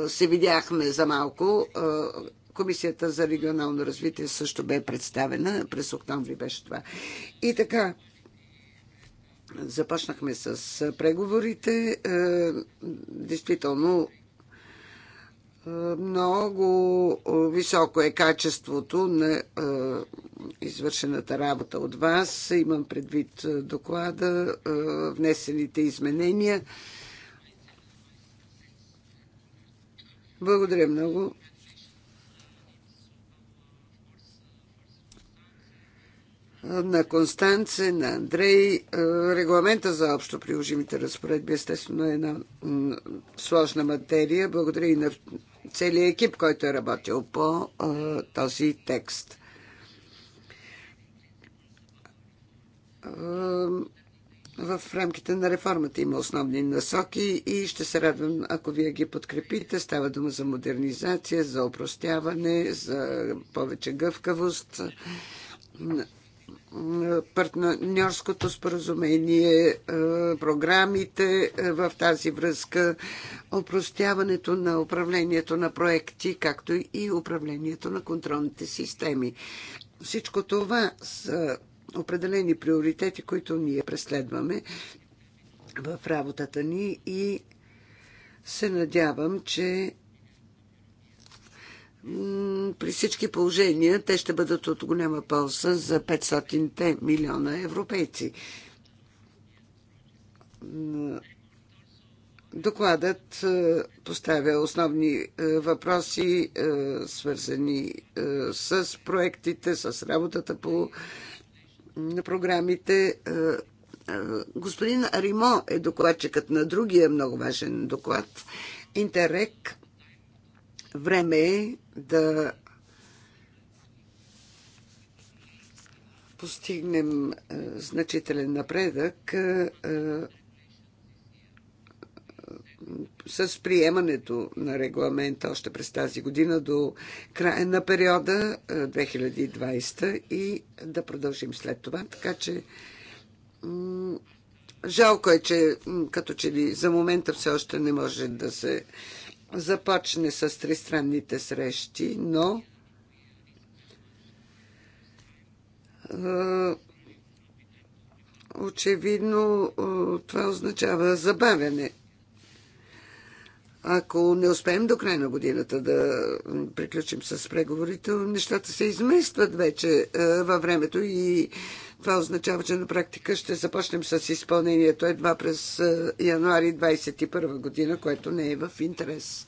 се видяхме за малко. Комисията за регионално развитие също бе представена. През октомври беше това. И така, започнахме с преговорите. Действително, много е, високо е качеството на е, извършената работа от вас. Имам предвид е, доклада, внесените изменения. Благодаря много. на Констанце, на Андрей. Регламента за общо приложимите разпоредби естествено е една сложна материя. Благодаря и на целият екип, който е работил по този текст. В рамките на реформата има основни насоки и ще се радвам, ако вие ги подкрепите. Става дума за модернизация, за опростяване, за повече гъвкавост партньорското споразумение, е, програмите е, в тази връзка, опростяването на управлението на проекти, както и управлението на контролните системи. Всичко това са определени приоритети, които ние преследваме в работата ни и се надявам, че при всички положения те ще бъдат от голяма полза за 500-те милиона европейци. Докладът е, поставя основни е, въпроси, е, свързани с проектите, с работата по програмите. Господин Аримо е докладчикът на другия много важен доклад Интерек Време е да постигнем е, значителен напредък е, е, с приемането на регламента още през тази година до края на периода 2020 и да продължим след това. Така че жалко е, че като че ли за момента все още не може да се започне с тристранните срещи, но е, очевидно е, това означава забавяне. Ако не успеем до края на годината да приключим с преговорите, нещата се изместват вече е, във времето и това означава, че на практика ще започнем с изпълнението едва през е, януари 2021 година, което не е в интерес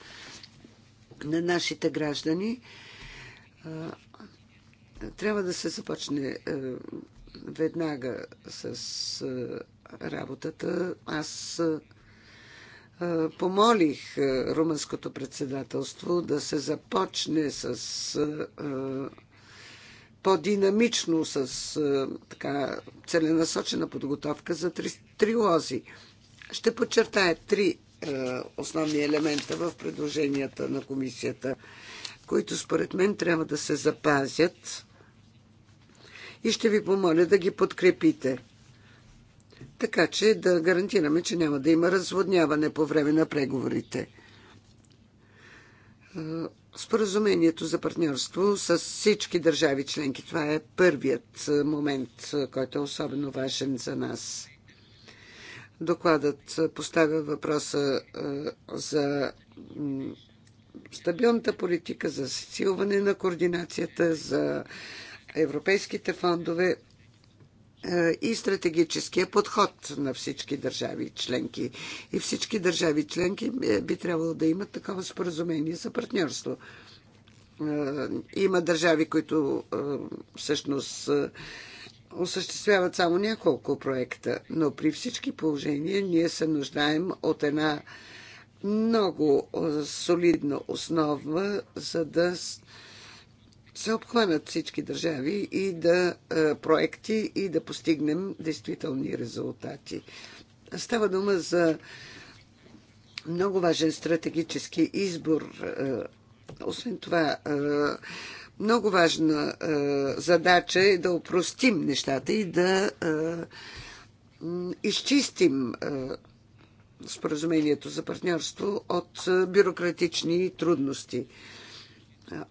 на нашите граждани. Е, трябва да се започне е, веднага с работата. Аз помолих румънското председателство да се започне с по-динамично, с е, така целенасочена подготовка за три, трилози. Ще подчертая три е, основни елемента в предложенията на комисията, които според мен трябва да се запазят и ще ви помоля да ги подкрепите. Така че да гарантираме, че няма да има разводняване по време на преговорите. Е, споразумението за партньорство с всички държави членки. Това е първият момент, който е особено важен за нас. Докладът поставя въпроса за стабилната политика, за засилване на координацията, за европейските фондове е, и стратегическия подход на всички държави членки. И всички държави членки е, би трябвало да имат такова споразумение за партньорство. Е, има държави, които всъщност осъществяват само няколко проекта, но при всички положения ние се нуждаем от една много солидна основа, за да се обхванат всички държави и да е, проекти и да постигнем действителни резултати. Става дума за много важен стратегически избор. Е, освен това, е, много важна задача е да упростим нещата и да изчистим споразумението за партньорство от бюрократични трудности.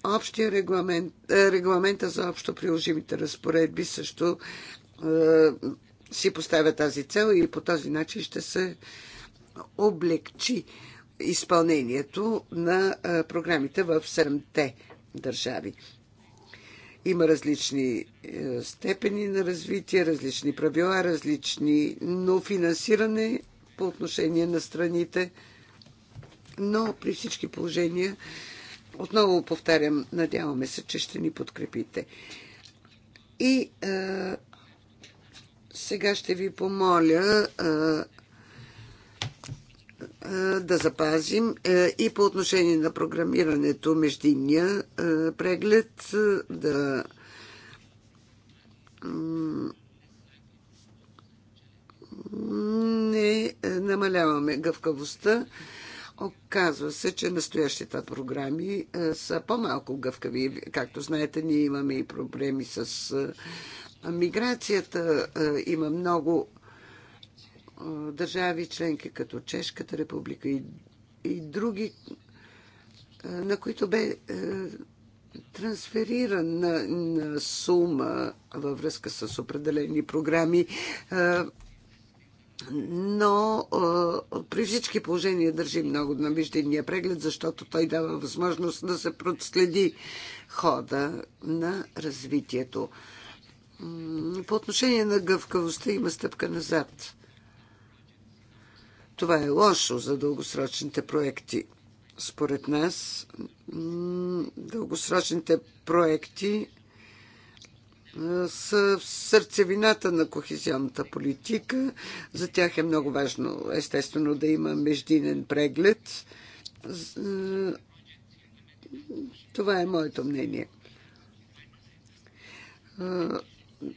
Общия регламент, е, регламента за общо приложимите разпоредби също е, си поставя тази цел и по този начин ще се облегчи изпълнението на е, програмите в 7-те държави. Има различни степени на развитие, различни правила, различни, но финансиране по отношение на страните. Но при всички положения отново повтарям, надяваме се, че ще ни подкрепите. И а, сега ще ви помоля а, а, да запазим а, и по отношение на програмирането междинния а, преглед да не намаляваме гъвкавостта. Оказва се, че настоящите програми е, са по-малко гъвкави. Както знаете, ние имаме и проблеми с е, миграцията. Е, има много държави членки, като Чешката република и, и други, на които бе трансферирана сума във връзка с определени програми но при всички положения държи много на виждения преглед, защото той дава възможност да се проследи хода на развитието. По отношение на гъвкавостта има стъпка назад. Това е лошо за дългосрочните проекти. Според нас, дългосрочните проекти с сърцевината на кохезионната политика. За тях е много важно, естествено, да има междинен преглед. Това е моето мнение.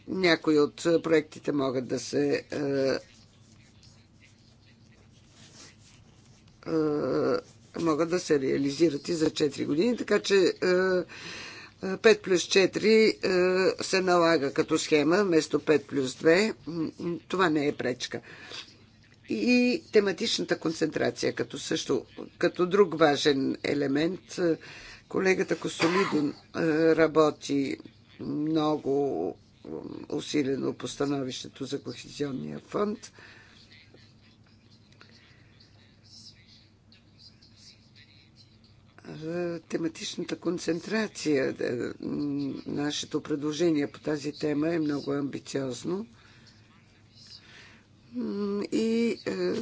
Някои от проектите могат да се е, е, могат да се реализират и за 4 години, така че е, 5 плюс 4 е, се налага като схема вместо 5 плюс 2. Това не е пречка. И тематичната концентрация като също, като друг важен елемент. Колегата Косолидин е, работи много усилено по становището за Кохезионния фонд. тематичната концентрация. Е, нашето предложение по тази тема е много амбициозно и е,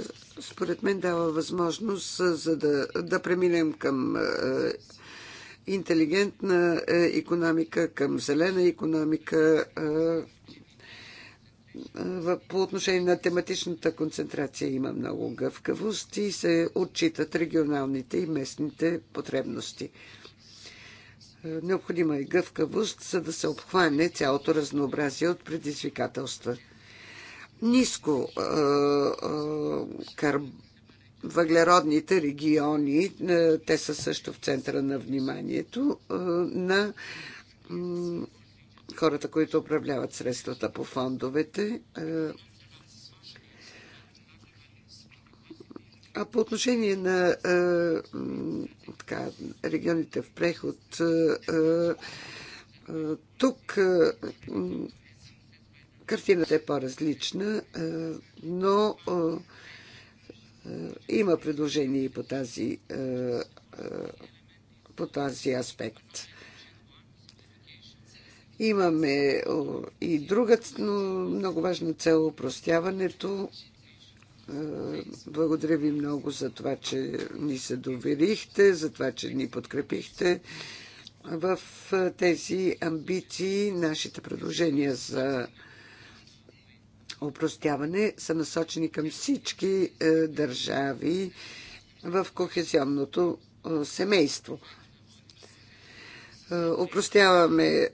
според мен дава възможност е, за да, да преминем към интелигентна економика, към зелена економика, по отношение на тематичната концентрация има много гъвкавост и се отчитат регионалните и местните потребности. Е, необходима е гъвкавост, за да се обхване цялото разнообразие от предизвикателства. Ниско е, е, въглеродните региони, е, те са също в центъра на вниманието е, на хората, които управляват средствата по фондовете. Е, а по отношение на е, така, регионите в преход, е, тук картината е по-различна, но има предложение и по тази, по тази аспект. Имаме и друга много важна цел упростяването. Е, благодаря ви много за това, че ни се доверихте, за това, че ни подкрепихте в е, тези амбиции. Нашите предложения за упростяване са насочени към всички е, държави в кохезионното семейство. Е, опростяваме е,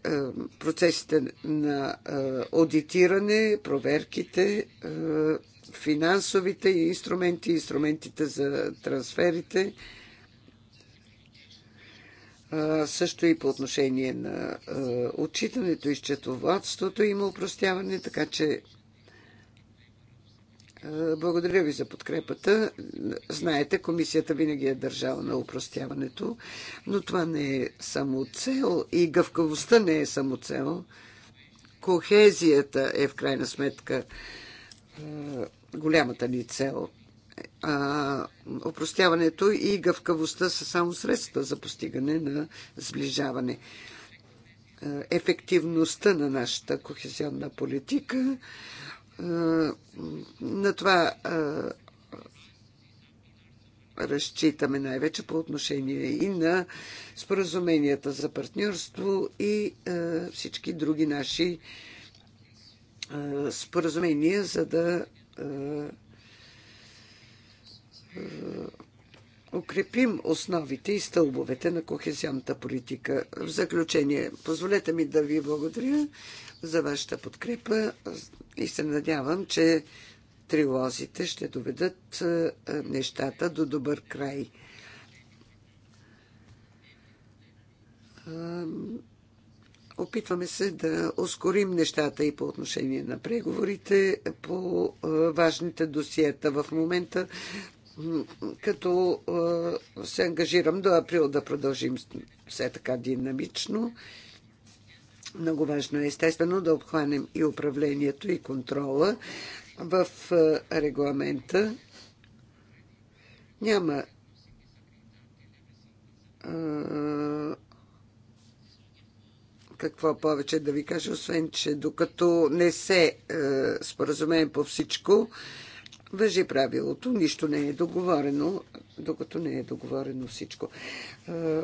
процесите на е, аудитиране, проверките, финансовите инструменти, инструментите за трансферите, също и по отношение на отчитането и счетоводството има упростяване, така че е, благодаря ви за подкрепата. Знаете, комисията винаги е държала на упростяването, но това не е само цел и гъвкавостта не е само цел. Кохезията е в крайна сметка е, голямата ни цел. А, упростяването и гъвкавостта са само средства за постигане на сближаване. Е, ефективността на нашата кохезионна политика на това разчитаме най-вече по отношение и на споразуменията за партньорство и всички други наши споразумения, за да укрепим основите и стълбовете на кохезионната политика. В заключение, позволете ми да ви благодаря за вашата подкрепа и се надявам, че трилозите ще доведат е, е, нещата до добър край. Опитваме се да ускорим нещата и по отношение на преговорите по е, важните досиета. В момента като се ангажирам до април да продължим все така динамично много важно е естествено да обхванем и управлението и контрола в е, регламента. Няма е, какво повече да ви кажа, освен, че докато не се е, споразумеем по всичко, въжи правилото. Нищо не е договорено, докато не е договорено всичко. Е,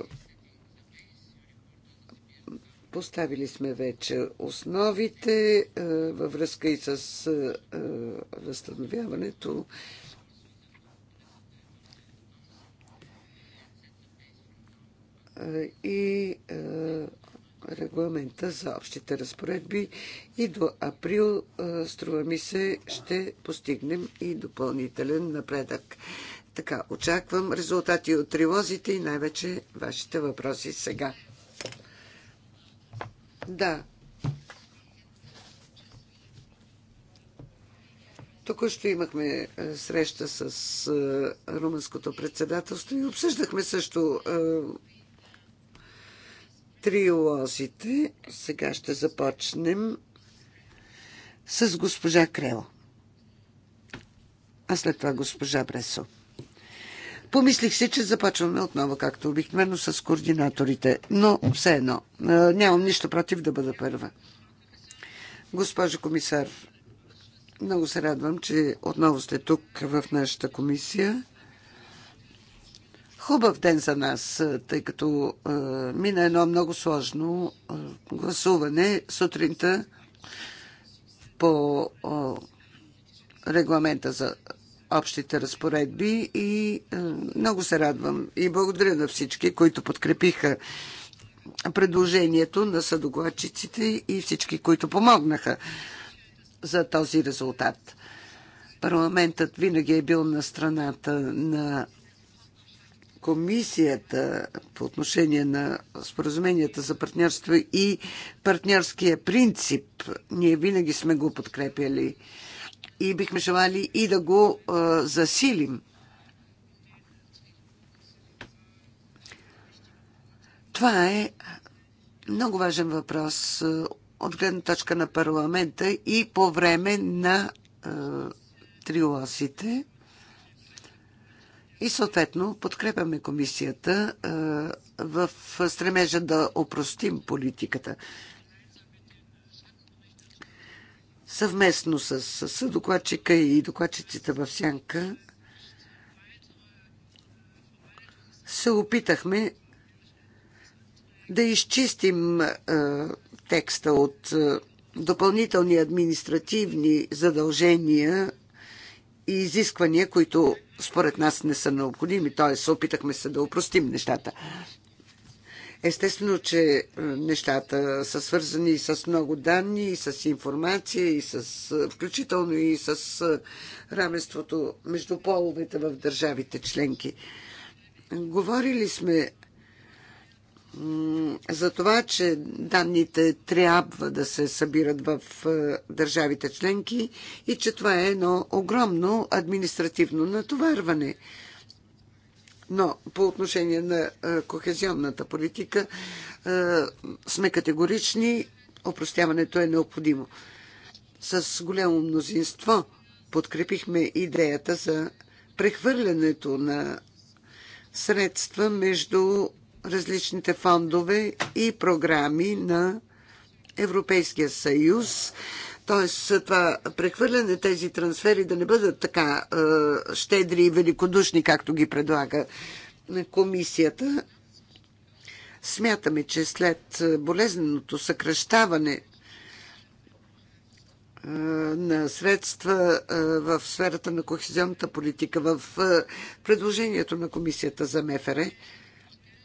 Поставили сме вече основите във връзка и с възстановяването. И регламента за общите разпоредби и до април, струва ми се, ще постигнем и допълнителен напредък. Така, очаквам резултати от тривозите и най-вече вашите въпроси сега. Да. Току-що имахме е, среща с е, румънското председателство и обсъждахме също е, триолозите. Сега ще започнем с госпожа Крел. А след това госпожа Бресо. Помислих си, че започваме отново, както обикновено, с координаторите. Но все едно, нямам нищо против да бъда първа. Госпожо комисар, много се радвам, че отново сте тук в нашата комисия. Хубав ден за нас, тъй като е, мина едно много сложно е, гласуване сутринта по е, регламента за общите разпоредби и е, много се радвам и благодаря на всички, които подкрепиха предложението на съдокладчиците и всички, които помогнаха за този резултат. Парламентът винаги е бил на страната на комисията по отношение на споразуменията за партньорство и партньорския принцип. Ние винаги сме го подкрепяли и бихме желали и да го засилим. Това е много важен въпрос от гледна точка на парламента и по време на а, триосите. И съответно подкрепяме комисията а, в стремежа да опростим политиката съвместно с, с докладчика и докладчиците в Сянка се опитахме да изчистим е, текста от е, допълнителни административни задължения и изисквания, които според нас не са необходими, т.е. опитахме се да упростим нещата. Естествено, че е, нещата са свързани и с много данни, и с информация, и с, е, включително и с е, равенството между половете в държавите членки. Говорили сме за това, че данните трябва да се събират в държавите членки и че това е едно огромно административно натоварване – но по отношение на кохезионната политика сме категорични, опростяването е необходимо. С голямо мнозинство подкрепихме идеята за прехвърлянето на средства между различните фондове и програми на Европейския съюз Тоест, това прехвърляне тези трансфери да не бъдат така е, щедри и великодушни, както ги предлага комисията. Смятаме, че след болезненото съкръщаване на средства в сферата на кохезионната политика, в предложението на комисията за МФР,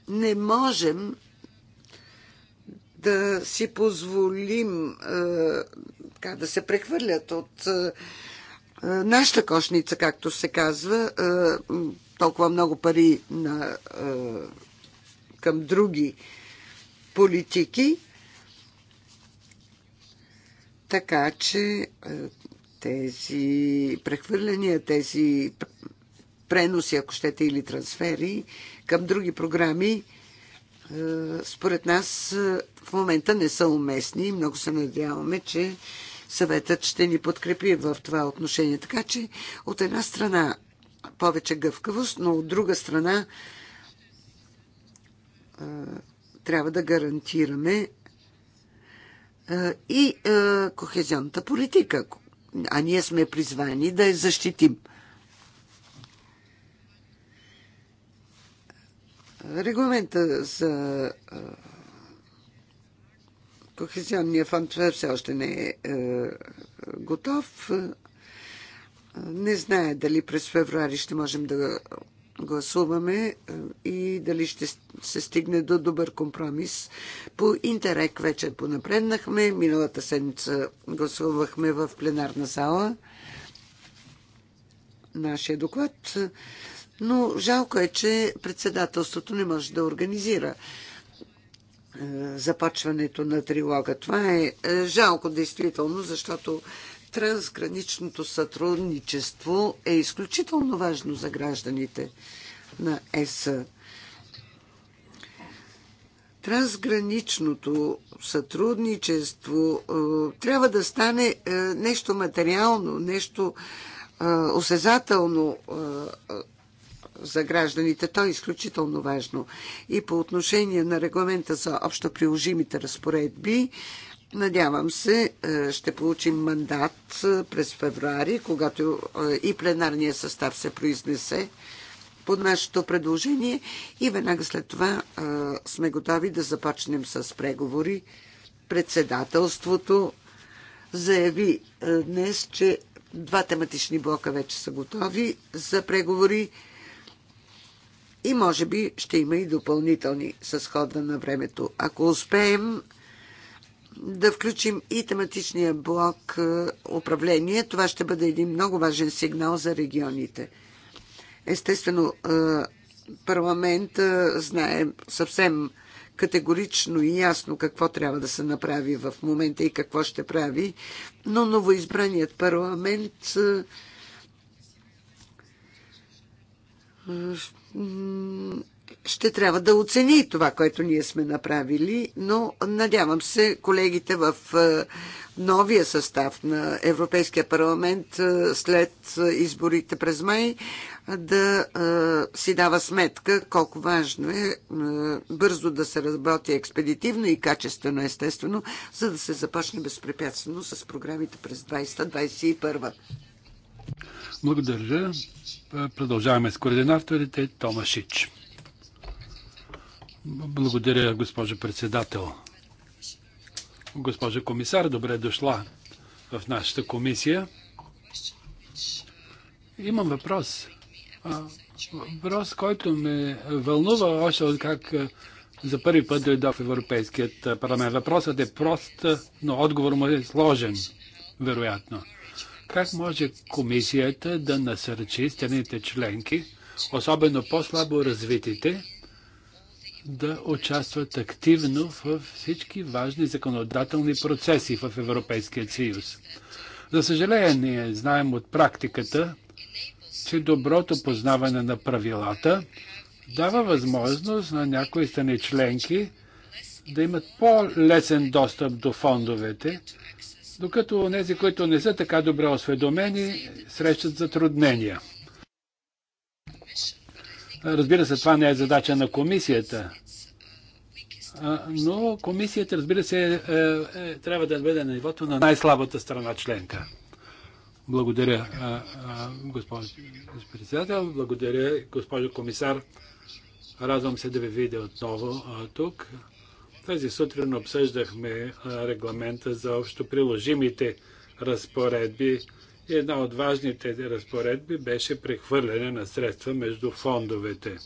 не можем да си позволим е, така, да се прехвърлят от е, е, нашата кошница, както се казва, толкова много пари на, към други политики, така че тези прехвърляния, тези преноси, ако щете, или трансфери към други програми, е, според нас е, в момента не са уместни и много се надяваме, че съветът ще ни подкрепи в това отношение. Така че от една страна повече гъвкавост, но от друга страна е, трябва да гарантираме и кохезионната политика. А ние сме призвани да я защитим. Регламента за Кохезионния фонд все още не е готов. Не знае дали през февруари ще можем да гласуваме и дали ще се стигне до добър компромис. По Интерек вече понапреднахме. Миналата седмица гласувахме в пленарна зала нашия доклад но жалко е, че председателството не може да организира е, започването на трилога. Това е, е жалко действително, защото трансграничното сътрудничество е изключително важно за гражданите на ЕС. Трансграничното сътрудничество е, трябва да стане нещо материално, нещо осезателно за гражданите. То е изключително важно. И по отношение на регламента за общо приложимите разпоредби, Надявам се, е, ще получим мандат е, през февруари, когато е, и пленарния състав се произнесе под нашето предложение и веднага след това сме готови да започнем с преговори. Председателството заяви днес, че два тематични блока вече са готови за преговори и може би ще има и допълнителни с хода на времето. Ако успеем да включим и тематичния блок е, управление, това ще бъде един много важен сигнал за регионите. Естествено, е, парламент е, знае съвсем категорично и ясно какво трябва да се направи в момента и какво ще прави, но новоизбраният парламент ще трябва да оцени това, което ние сме направили, но надявам се колегите в е, новия състав на Европейския парламент е, след изборите през май да е, си дава сметка колко важно е бързо да се работи експедитивно и качествено, естествено, за да се започне безпрепятствено с програмите през 2021. Благодаря. Продължаваме с координаторите Томашич. Благодаря, госпожо председател. Госпожо комисар, добре дошла в нашата комисия. Имам въпрос. Въпрос, който ме вълнува още от как за първи път дойда в Европейският парламент. Въпросът е прост, но отговор му е сложен, вероятно. Как може комисията да насърчи страните членки, особено по-слабо развитите, да участват активно в всички важни законодателни процеси в Европейския съюз? За съжаление, ние знаем от практиката, че доброто познаване на правилата дава възможност на някои страни членки да имат по-лесен достъп до фондовете, докато тези, които не са така добре осведомени, срещат затруднения. Разбира се, това не е задача на комисията. Но комисията, разбира се, е, е, е, трябва да бъде на нивото на най-слабата страна членка. Благодаря, господин председател. Благодаря, госпожо комисар. Радвам се да ви видя отново тук. Тази сутрин обсъждахме регламента за общо приложимите разпоредби и една от важните разпоредби беше прехвърляне на средства между фондовете.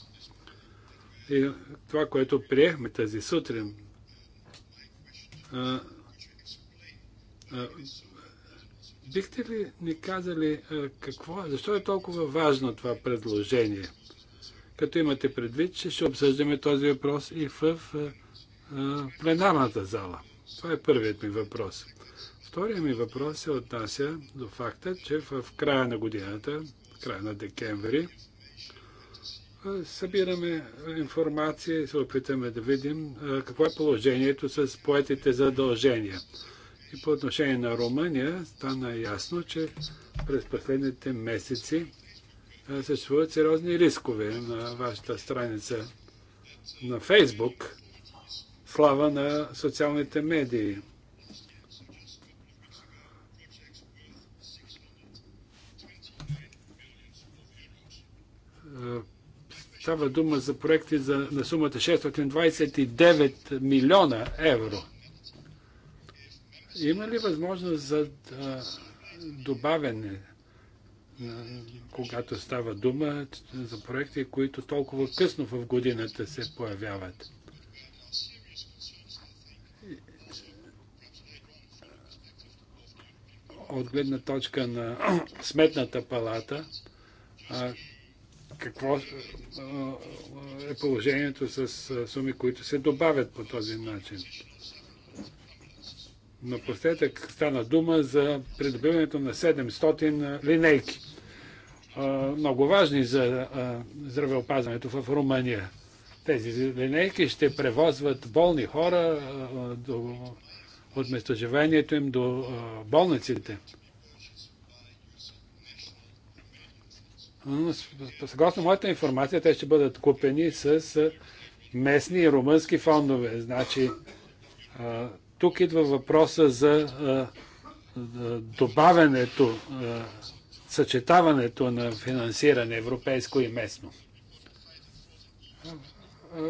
И това, което приехме тази сутрин, бихте ли ни казали какво какво, защо е толкова важно това предложение? Като имате предвид, че ще обсъждаме този въпрос и в пленарната зала? Това е първият ми въпрос. Вторият ми въпрос се отнася до факта, че в края на годината, в края на декември, събираме информация и се опитаме да видим какво е положението с поетите задължения. И по отношение на Румъния стана ясно, че през последните месеци съществуват сериозни рискове на вашата страница на Фейсбук слава на социалните медии. Става дума за проекти за, на сумата 629 милиона евро. Има ли възможност за а, добавене, а, когато става дума за проекти, които толкова късно в годината се появяват? от гледна точка на сметната палата, какво е положението с суми, които се добавят по този начин. Напоследък стана дума за придобиването на 700 линейки. Много важни за здравеопазването в Румъния. Тези линейки ще превозват болни хора до от местоживението им до болниците. съгласно моята информация, те ще бъдат купени с местни и румънски фондове. Значи, тук идва въпроса за добавянето, съчетаването на финансиране европейско и местно.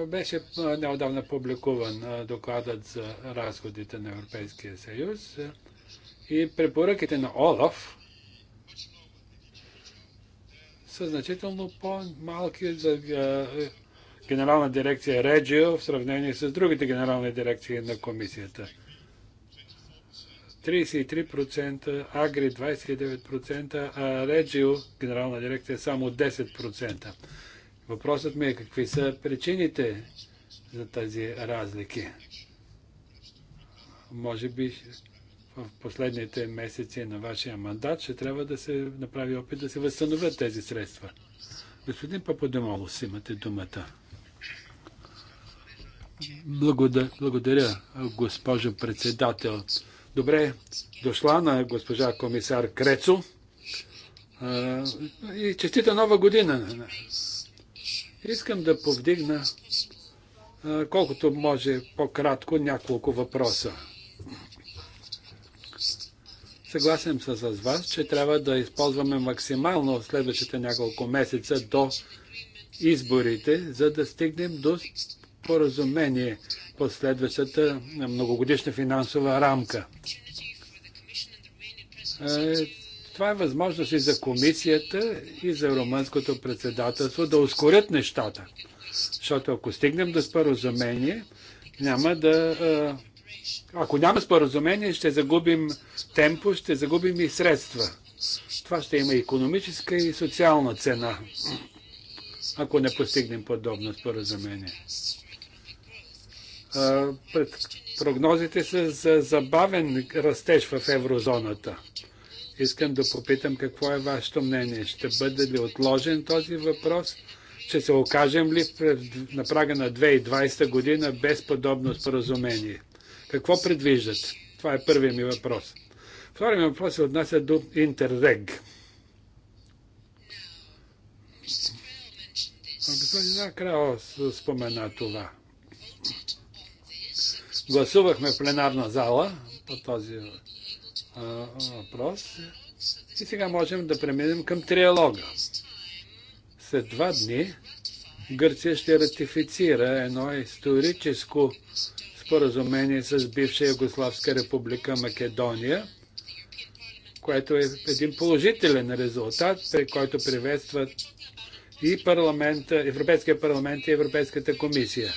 Беше неодавна публикуван докладът за разходите на Европейския съюз и препоръките на ОЛАФ са значително по-малки за генерална дирекция Реджио в сравнение с другите генерални дирекции на комисията. 33%, Агри 29%, а Реджио, генерална дирекция, само 10%. Въпросът ми е какви са причините за тези разлики. Може би в последните месеци на вашия мандат ще трябва да се направи опит да се възстановят тези средства. Господин Пападемолос, имате думата. Благодаря, благодаря, госпожо председател. Добре, дошла на госпожа комисар Крецо. И честита нова година Искам да повдигна колкото може по-кратко няколко въпроса. Съгласен съм с вас, че трябва да използваме максимално следващите няколко месеца до изборите, за да стигнем до споразумение по следващата многогодишна финансова рамка. Е, това е възможност и за комисията, и за румънското председателство да ускорят нещата. Защото ако стигнем до споразумение, няма да. Ако няма споразумение, ще загубим темпо, ще загубим и средства. Това ще има економическа и социална цена, ако не постигнем подобно споразумение. Пред прогнозите са за забавен растеж в еврозоната. Искам да попитам какво е вашето мнение. Ще бъде ли отложен този въпрос? Ще се окажем ли на прага на 2020 година без подобно споразумение? Какво предвиждат? Това е първият ми въпрос. Вторият ми въпрос се отнася до Интеррег. Господин Крао спомена това. Гласувахме в пленарна зала по този въпрос въпрос. И сега можем да преминем към триалога. След два дни Гърция ще ратифицира едно историческо споразумение с бивша Югославска република Македония, което е един положителен резултат, при който приветстват и парламента, Европейския парламент и Европейската комисия.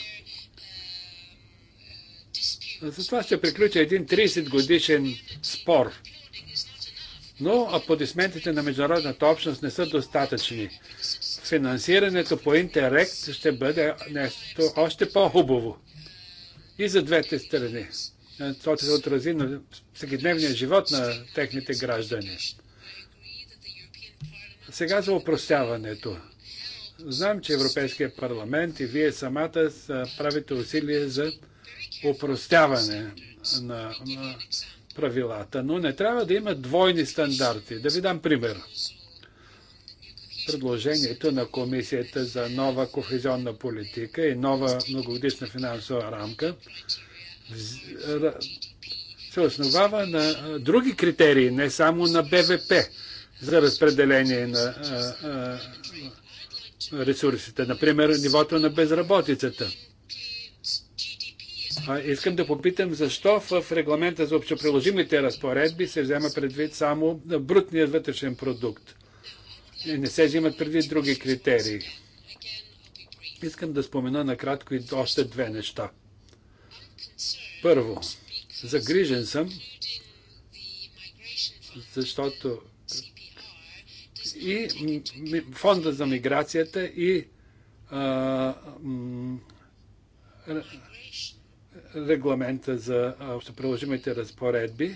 Затова ще приключи един 30 годишен спор. Но аплодисментите на международната общност не са достатъчни. Финансирането по интерект ще бъде нещо още по-хубаво. И за двете страни. Това ще се отрази на всекидневния живот на техните граждани. Сега за упростяването. Знам, че Европейския парламент и вие самата правите усилия за упростяване на, на правилата, но не трябва да има двойни стандарти. Да ви дам пример. Предложението на Комисията за нова кохезионна политика и нова многогодишна финансова рамка се основава на други критерии, не само на БВП за разпределение на ресурсите, например нивото на безработицата. Искам да попитам защо в регламента за общоприложимите разпоредби се взема предвид само брутният вътрешен продукт. Не се взимат предвид други критерии. Искам да спомена накратко и още две неща. Първо, загрижен съм, защото и фонда за миграцията и а, регламента за общоприложимите разпоредби.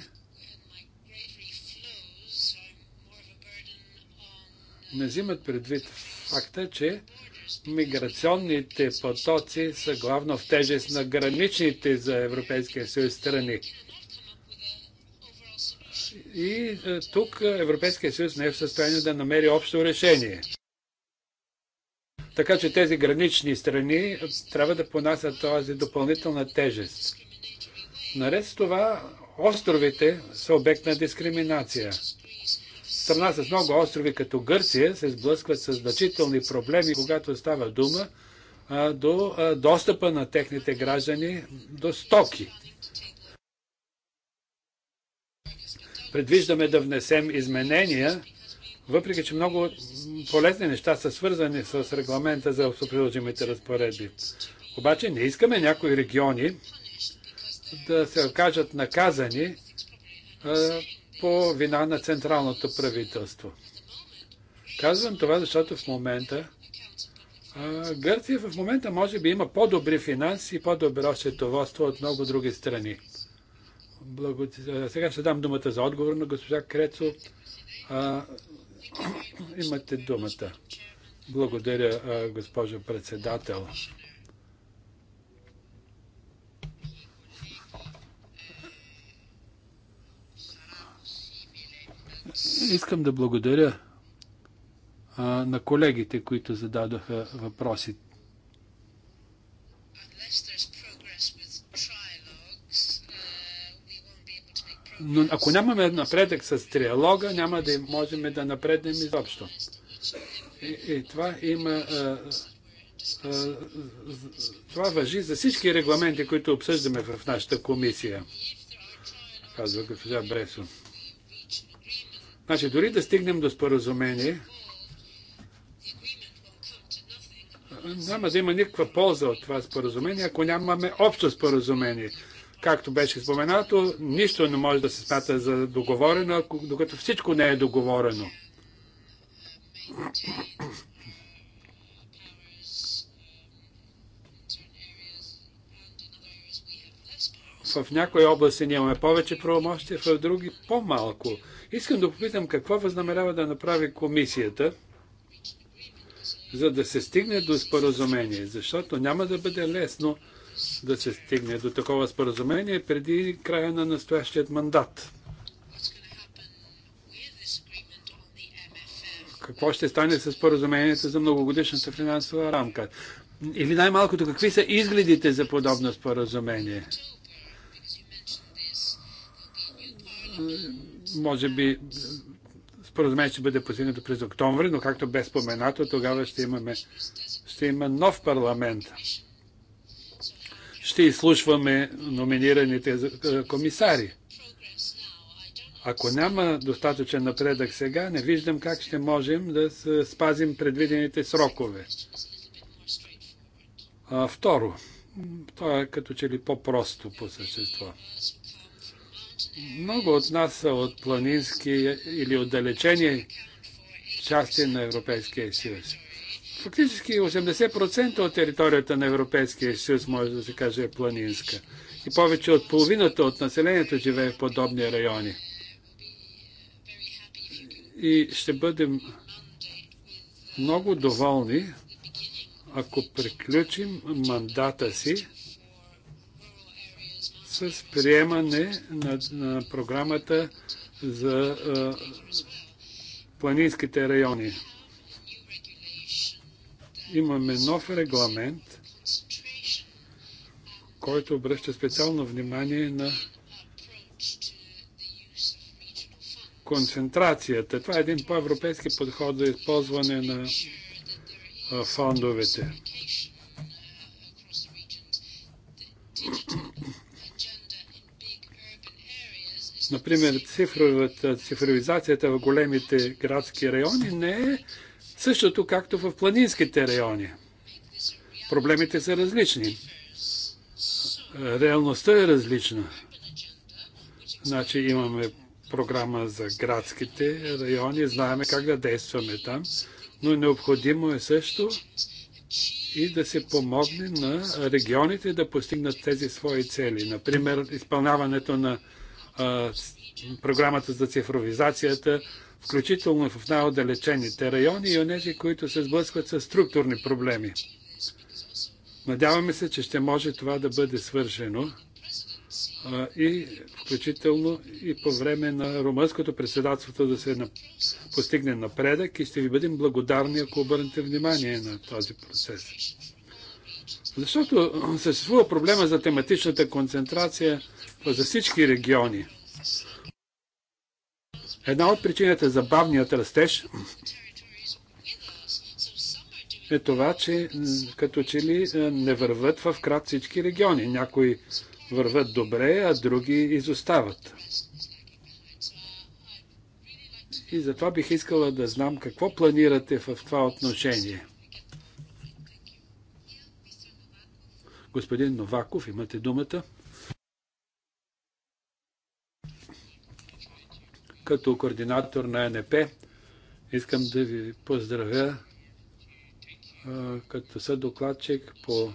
Не взимат предвид факта, че миграционните потоци са главно в тежест на граничните за Европейския съюз страни. И е, тук Европейския съюз не е в състояние да намери общо решение. Така че тези гранични страни трябва да понасят тази допълнителна тежест. Наред с това, островите са обект на дискриминация. Страна с много острови като Гърция се сблъскват с значителни проблеми, когато става дума а, до а, достъпа на техните граждани до стоки. Предвиждаме да внесем изменения въпреки че много полезни неща са свързани с регламента за приложимите разпоредби. Обаче не искаме някои региони да се окажат наказани по вина на централното правителство. Казвам това, защото в момента Гърция в момента може би има по-добри финанси и по-добро счетоводство от много други страни. Благодаря. Сега ще дам думата за отговор на госпожа Крецо. Имате думата. Благодаря, госпожо председател. Искам да благодаря на колегите, които зададоха въпроси но ако нямаме напредък с триалога, няма да можем да напреднем изобщо. И, и това има. А, а, това въжи за всички регламенти, които обсъждаме в нашата комисия, казва госпожа Бресо. Значи, дори да стигнем до споразумение, няма да има никаква полза от това споразумение, ако нямаме общо споразумение. Както беше споменато, нищо не може да се смята за договорено, докато всичко не е договорено. в някои области ние имаме повече правомощия, в други по-малко. Искам да попитам какво възнамерява да направи комисията, за да се стигне до споразумение, защото няма да бъде лесно да се стигне до такова споразумение преди края на настоящият мандат. Какво ще стане с споразумението за многогодишната финансова рамка? Или най-малкото, какви са изгледите за подобно споразумение? Може би споразумение ще бъде постигнато през октомври, но както бе споменато, тогава ще, имаме, ще има нов парламент ще изслушваме номинираните е, комисари. Ако няма достатъчен напредък сега, не виждам как ще можем да спазим предвидените срокове. А, второ, то е като че ли по-просто по същество. Много от нас са от планински или отдалечени части на Европейския съюз. Фактически 80% от територията на Европейския съюз може да се каже е планинска. И повече от половината от населението живее в подобни райони. И ще бъдем много доволни, ако приключим мандата си с приемане на, на програмата за а, планинските райони имаме нов регламент, който обръща специално внимание на концентрацията. Това е един по-европейски подход за използване на фондовете. Например, цифровизацията в големите градски райони не е Същото както в планинските райони. Проблемите са различни. Реалността е различна. Значи имаме програма за градските райони, знаеме как да действаме там, но необходимо е също и да се помогне на регионите да постигнат тези свои цели. Например, изпълняването на а, програмата за цифровизацията, включително в най-отдалечените райони и онези, които се сблъскват с структурни проблеми. Надяваме се, че ще може това да бъде свършено и включително и по време на румънското председателство да се постигне напредък и ще ви бъдем благодарни, ако обърнете внимание на този процес. Защото съществува проблема за тематичната концентрация за всички региони. Една от причините за бавният растеж е това, че като че ли е, не върват в крат всички региони. Някои върват добре, а други изостават. И затова бих искала да знам какво планирате в това отношение. Господин Новаков, имате думата. като координатор на е НП искам да ви поздравя като съдокладчик по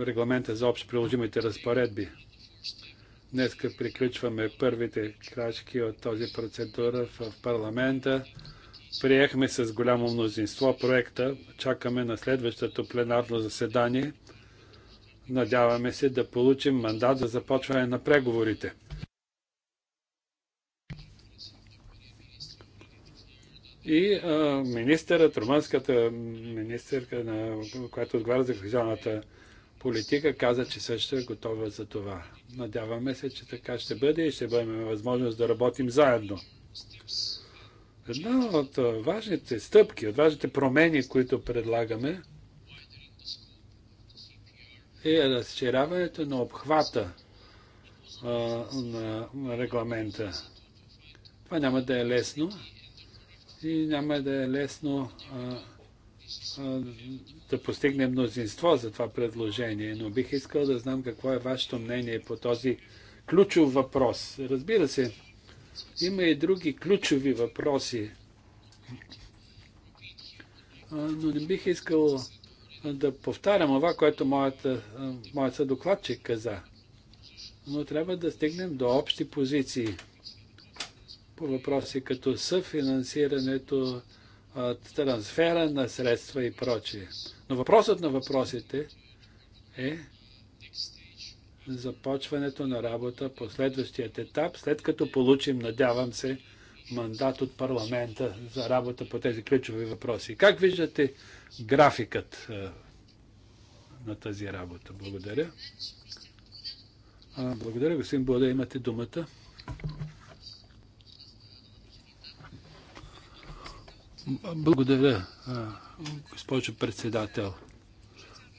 регламента за общо приложимите разпоредби. Днеска приключваме първите крачки от този процедура в парламента. Приехме с голямо мнозинство проекта. Чакаме на следващото пленарно заседание. Надяваме се да получим мандат за започване на преговорите. И а, министърът, румънската министърка, на, която отговаря за кохезионната политика, каза, че също е готова за това. Надяваме се, че така ще бъде и ще бъдем възможност да работим заедно. Една от важните стъпки, от важните промени, които предлагаме, е разширяването на обхвата а, на регламента. Това няма да е лесно, и няма да е лесно а, а, да постигне мнозинство за това предложение, но бих искал да знам какво е вашето мнение по този ключов въпрос. Разбира се, има и други ключови въпроси, а, но не бих искал да повтарям това, което моят, моят съдокладчик каза. Но трябва да стигнем до общи позиции по въпроси като съфинансирането, трансфера на средства и прочие. Но въпросът на въпросите е започването на работа по следващият етап, след като получим, надявам се, мандат от парламента за работа по тези ключови въпроси. Как виждате графикът на тази работа? Благодаря. Благодаря, господин Бода, имате думата. Благодаря, госпожо председател.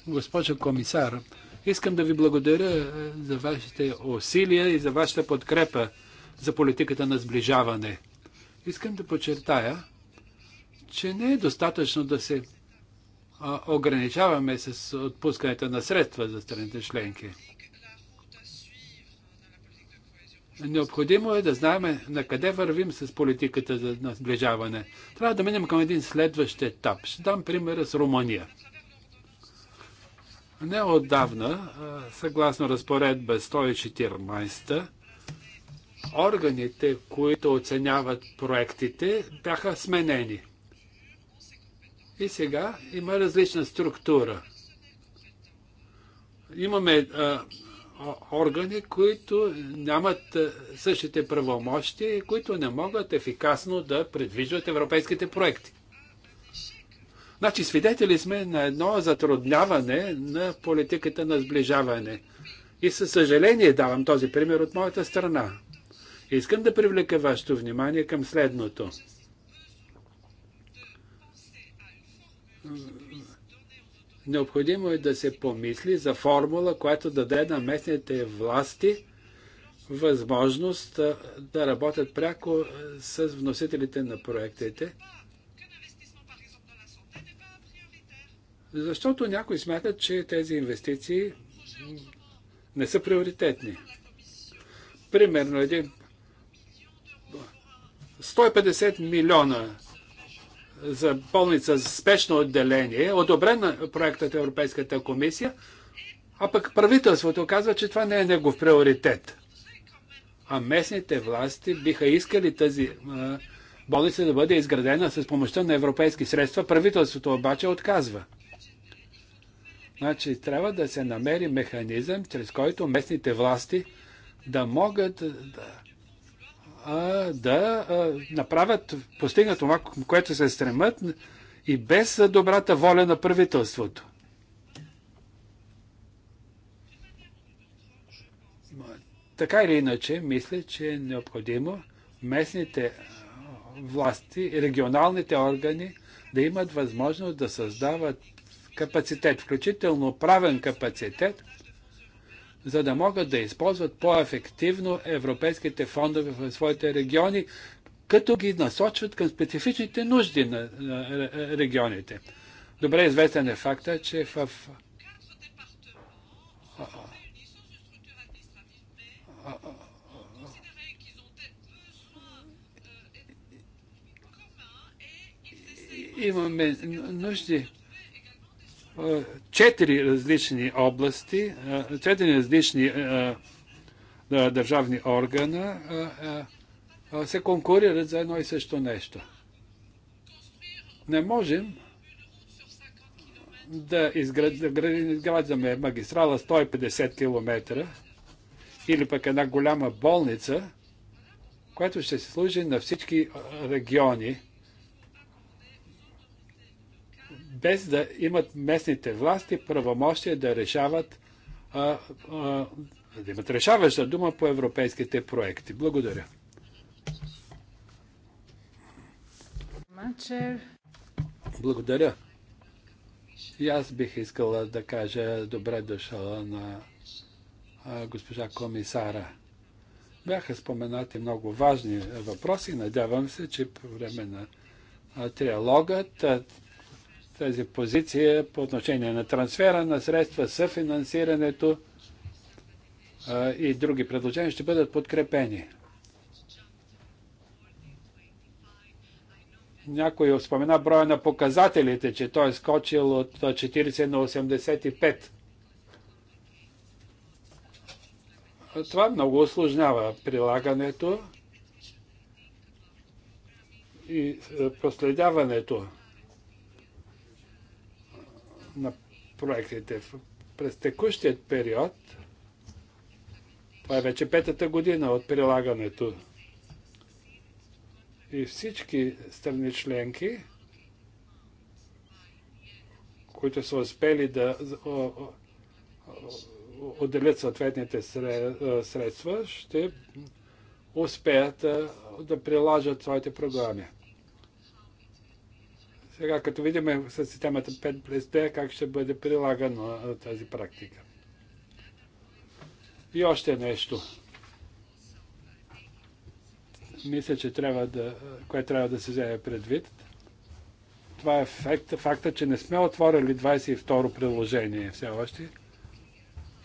Госпожо комисар, искам да ви благодаря за вашите усилия и за вашата подкрепа за политиката на сближаване. Искам да подчертая, че не е достатъчно да се ограничаваме с отпускането на средства за страните членки. Необходимо е да знаем на къде вървим с политиката за сближаване. Трябва да минем към един следващ етап. Ще дам пример с Румъния. Не отдавна, съгласно разпоредба 114, органите, които оценяват проектите, бяха сменени. И сега има различна структура. Имаме а, органи, които нямат е, същите правомощи и които не могат ефикасно да предвиждат европейските проекти. Значи свидетели сме на едно затрудняване на политиката на сближаване. И със съжаление давам този пример от моята страна. Искам да привлека вашето внимание към следното Необходимо е да се помисли за формула, която даде на местните власти възможност да работят пряко с вносителите на проектите. Защото някои смятат, че тези инвестиции не са приоритетни. Примерно един 150 милиона за болница с спешно отделение, одобрен проектът Европейската комисия, а пък правителството казва, че това не е негов приоритет. А местните власти биха искали тази болница да бъде изградена с помощта на европейски средства, правителството обаче отказва. Значи трябва да се намери механизъм, чрез който местните власти да могат да да направят, постигнат това, което се стремат и без добрата воля на правителството. Така или иначе, мисля, че е необходимо местните власти, регионалните органи да имат възможност да създават капацитет, включително правен капацитет, за да могат да използват по-ефективно европейските фондове в своите региони, като ги насочват към специфичните нужди на регионите. Добре известен е факта, че в имаме нужди четири различни области, четири различни държавни органа се конкурират за едно и също нещо. Не можем да изграждаме магистрала 150 км или пък една голяма болница, която ще се служи на всички региони без да имат местните власти правомощие да решават, а, а, да имат решаваща дума по европейските проекти. Благодаря. Благодаря. И аз бих искала да кажа добре дошла на а, госпожа комисара. Бяха споменати много важни въпроси. Надявам се, че по време на триалогът тази позиция по отношение на трансфера на средства, съфинансирането а, и други предложения ще бъдат подкрепени. Някой спомена броя на показателите, че той е скочил от 40 на 85. Това много осложнява прилагането и проследяването на проектите. През текущият период, това е вече петата година от прилагането, и всички страни членки, които са успели да отделят съответните средства, ще успеят да приложат своите програми. Сега, като видим с системата 5 плюс 2, как ще бъде прилагана тази практика. И още нещо. Мисля, че трябва да, кое трябва да се вземе предвид. Това е факта, факта, че не сме отворили 22-ро приложение все още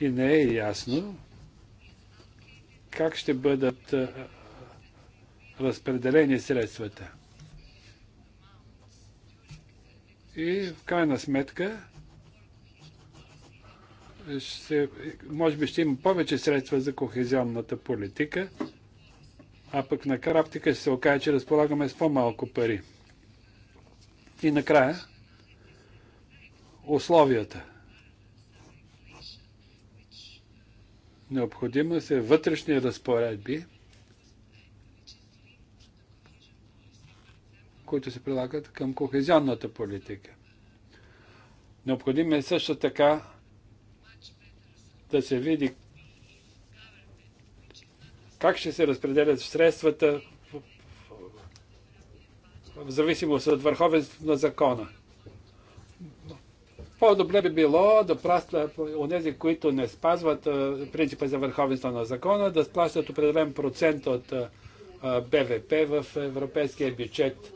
и не е ясно как ще бъдат разпределени средствата. И в крайна сметка, ще, може би ще има повече средства за кохезионната политика, а пък на краптика ще се окаже, че разполагаме с по-малко пари. И накрая, условията. Необходимо се вътрешни разпоредби – които се прилагат към кохезионната политика. Необходимо е също така да се види как ще се разпределят средствата в, в зависимост от върховенството на закона. По-добре би било да плащат онези, които не спазват принципа за върховенство на закона, да сплащат определен процент от БВП в европейския бюджет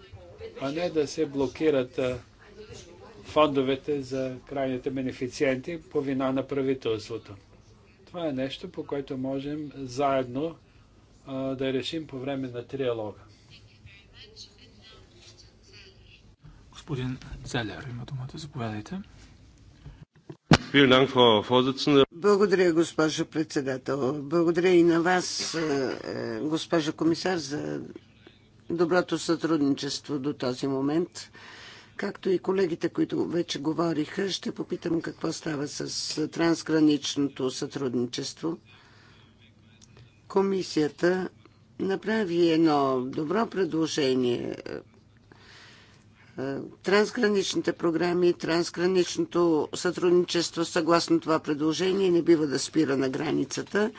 а не да се блокират фондовете за крайните бенефициенти по вина на правителството. Това е нещо, по което можем заедно а, да решим по време на триалога. Господин Целер има думата. Заповядайте. Благодаря, госпожо председател. Благодаря и на вас, е, госпожо комисар, за доброто сътрудничество до този момент. Както и колегите, които вече говориха, ще попитам какво става с трансграничното сътрудничество. Комисията направи едно добро предложение. Трансграничните програми, трансграничното сътрудничество, съгласно това предложение, не бива да спира на границата.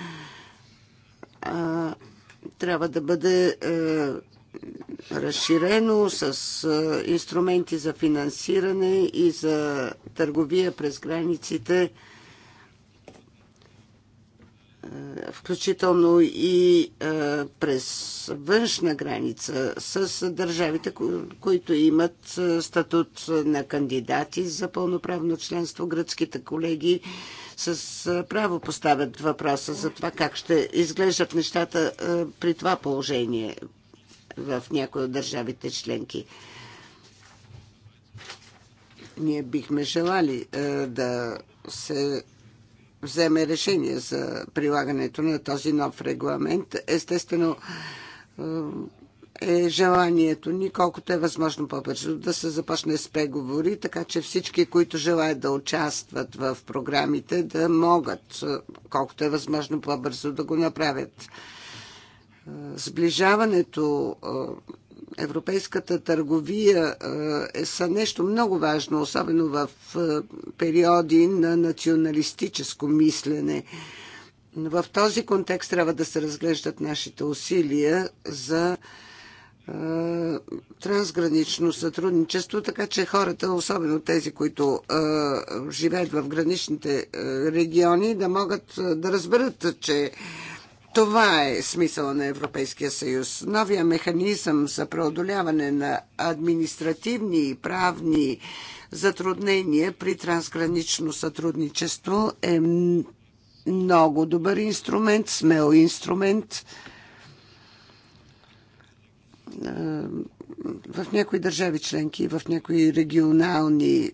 трябва да бъде е, разширено с инструменти за финансиране и за търговия през границите, включително и през външна граница с държавите, които имат статут на кандидати за пълноправно членство. Гръцките колеги с право поставят въпроса за това как ще изглеждат нещата при това положение в някои от държавите членки. Ние бихме желали е, да се вземе решение за прилагането на този нов регламент. Естествено, е, е желанието ни, колкото е възможно по-бързо, да се започне с преговори, така че всички, които желаят да участват в програмите, да могат, е, колкото е възможно по-бързо, да го направят сближаването, европейската търговия е, са нещо много важно, особено в периоди на националистическо мислене. В този контекст трябва да се разглеждат нашите усилия за трансгранично сътрудничество, така че хората, особено тези, които живеят в граничните региони, да могат да разберат, че това е смисъла на Европейския съюз. Новия механизъм за преодоляване на административни и правни затруднения при трансгранично сътрудничество е много добър инструмент, смел инструмент. Е, в някои държави членки, в някои регионални е,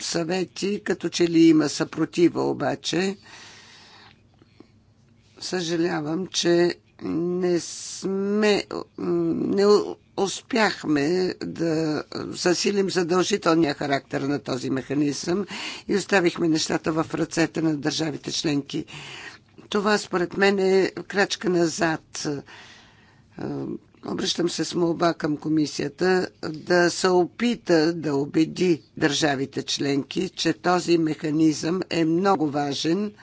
съвети, като че ли има съпротива обаче, Съжалявам, че не сме, не успяхме да засилим задължителния характер на този механизъм и оставихме нещата в ръцете на държавите членки. Това според мен е крачка назад. Обръщам се с молба към комисията да се опита да убеди държавите членки, че този механизъм е много важен –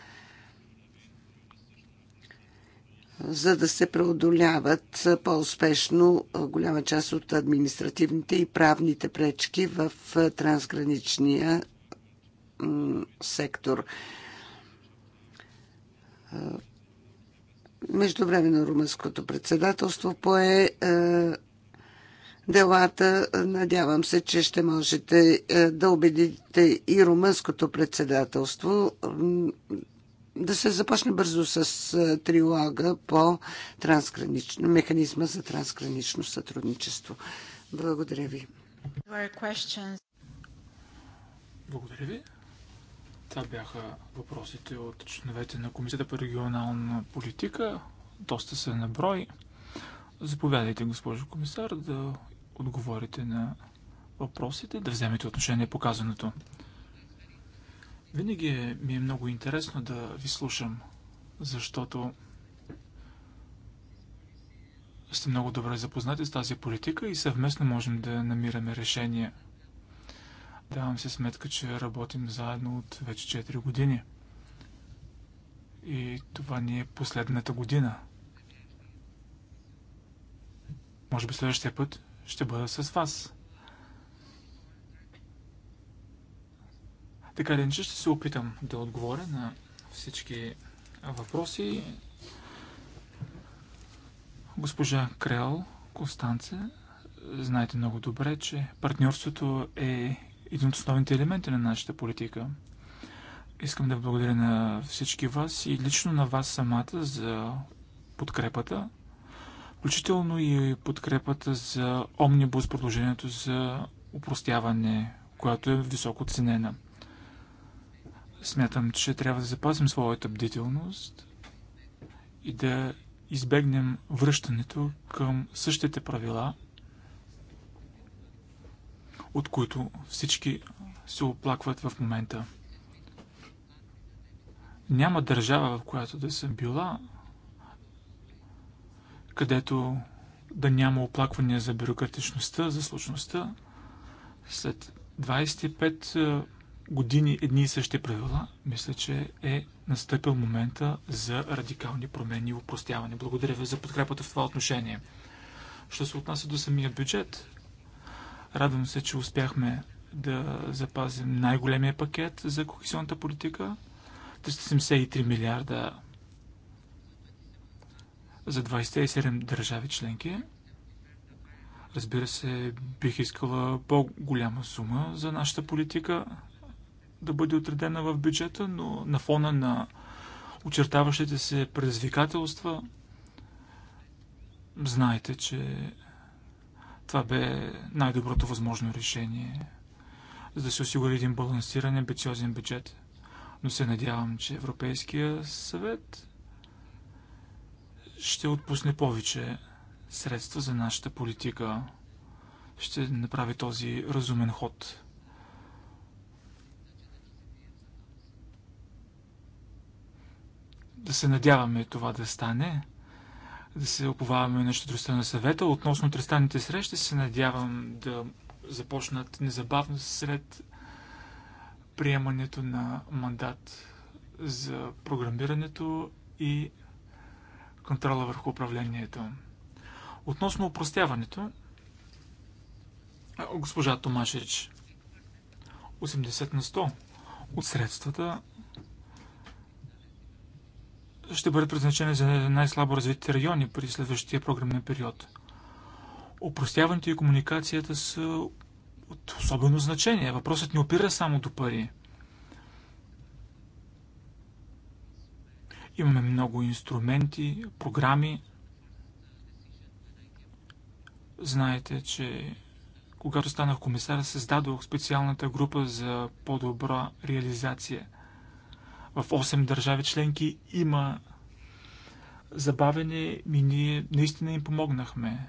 за да се преодоляват по-успешно голяма част от административните и правните пречки в трансграничния сектор. Междувременно румънското председателство пое делата. Надявам се, че ще можете да убедите и румънското председателство да се започне бързо с трилога по трансгранично, механизма за трансгранично сътрудничество. Благодаря ви. Благодаря ви. Това бяха въпросите от членовете на Комисията по регионална политика. Доста се наброи. Заповядайте, госпожо комисар, да отговорите на въпросите, да вземете отношение по казаното. Винаги е, ми е много интересно да ви слушам, защото сте много добре запознати с тази политика и съвместно можем да намираме решения. Давам се сметка, че работим заедно от вече 4 години. И това ни е последната година. Може би следващия път ще бъда с вас. Така ли, ще се опитам да отговоря на всички въпроси. Госпожа Крел Костанце, знаете много добре, че партньорството е един от основните елементи на нашата политика. Искам да благодаря на всички вас и лично на вас самата за подкрепата, включително и подкрепата за омнибус продължението за упростяване, която е високо ценена. Смятам, че трябва да запазим своята бдителност и да избегнем връщането към същите правила, от които всички се оплакват в момента. Няма държава, в която да съм била, където да няма оплаквания за бюрократичността, за сложността. След 25 години едни и същи правила, мисля, че е настъпил момента за радикални промени и упростяване. Благодаря ви за подкрепата в това отношение. Що се отнася до самия бюджет, радвам се, че успяхме да запазим най-големия пакет за кохесионната политика. 373 милиарда за 27 държави членки. Разбира се, бих искала по-голяма сума за нашата политика, да бъде отредена в бюджета, но на фона на очертаващите се предизвикателства, знаете, че това бе най-доброто възможно решение, за да се осигури един балансиран, амбициозен бюджет. Но се надявам, че Европейския съвет ще отпусне повече средства за нашата политика. Ще направи този разумен ход. да се надяваме това да стане, да се оповаваме на щедростта на съвета. Относно тристанните срещи се надявам да започнат незабавно след приемането на мандат за програмирането и контрола върху управлението. Относно упростяването, госпожа Томашич, 80 на 100 от средствата ще бъдат предназначени за най-слабо развитите райони при следващия програмен период. Опростяването и комуникацията са от особено значение. Въпросът не опира само до пари. Имаме много инструменти, програми. Знаете, че когато станах комисар, създадох специалната група за по-добра реализация – в 8 държави членки има забавене и ние наистина им помогнахме.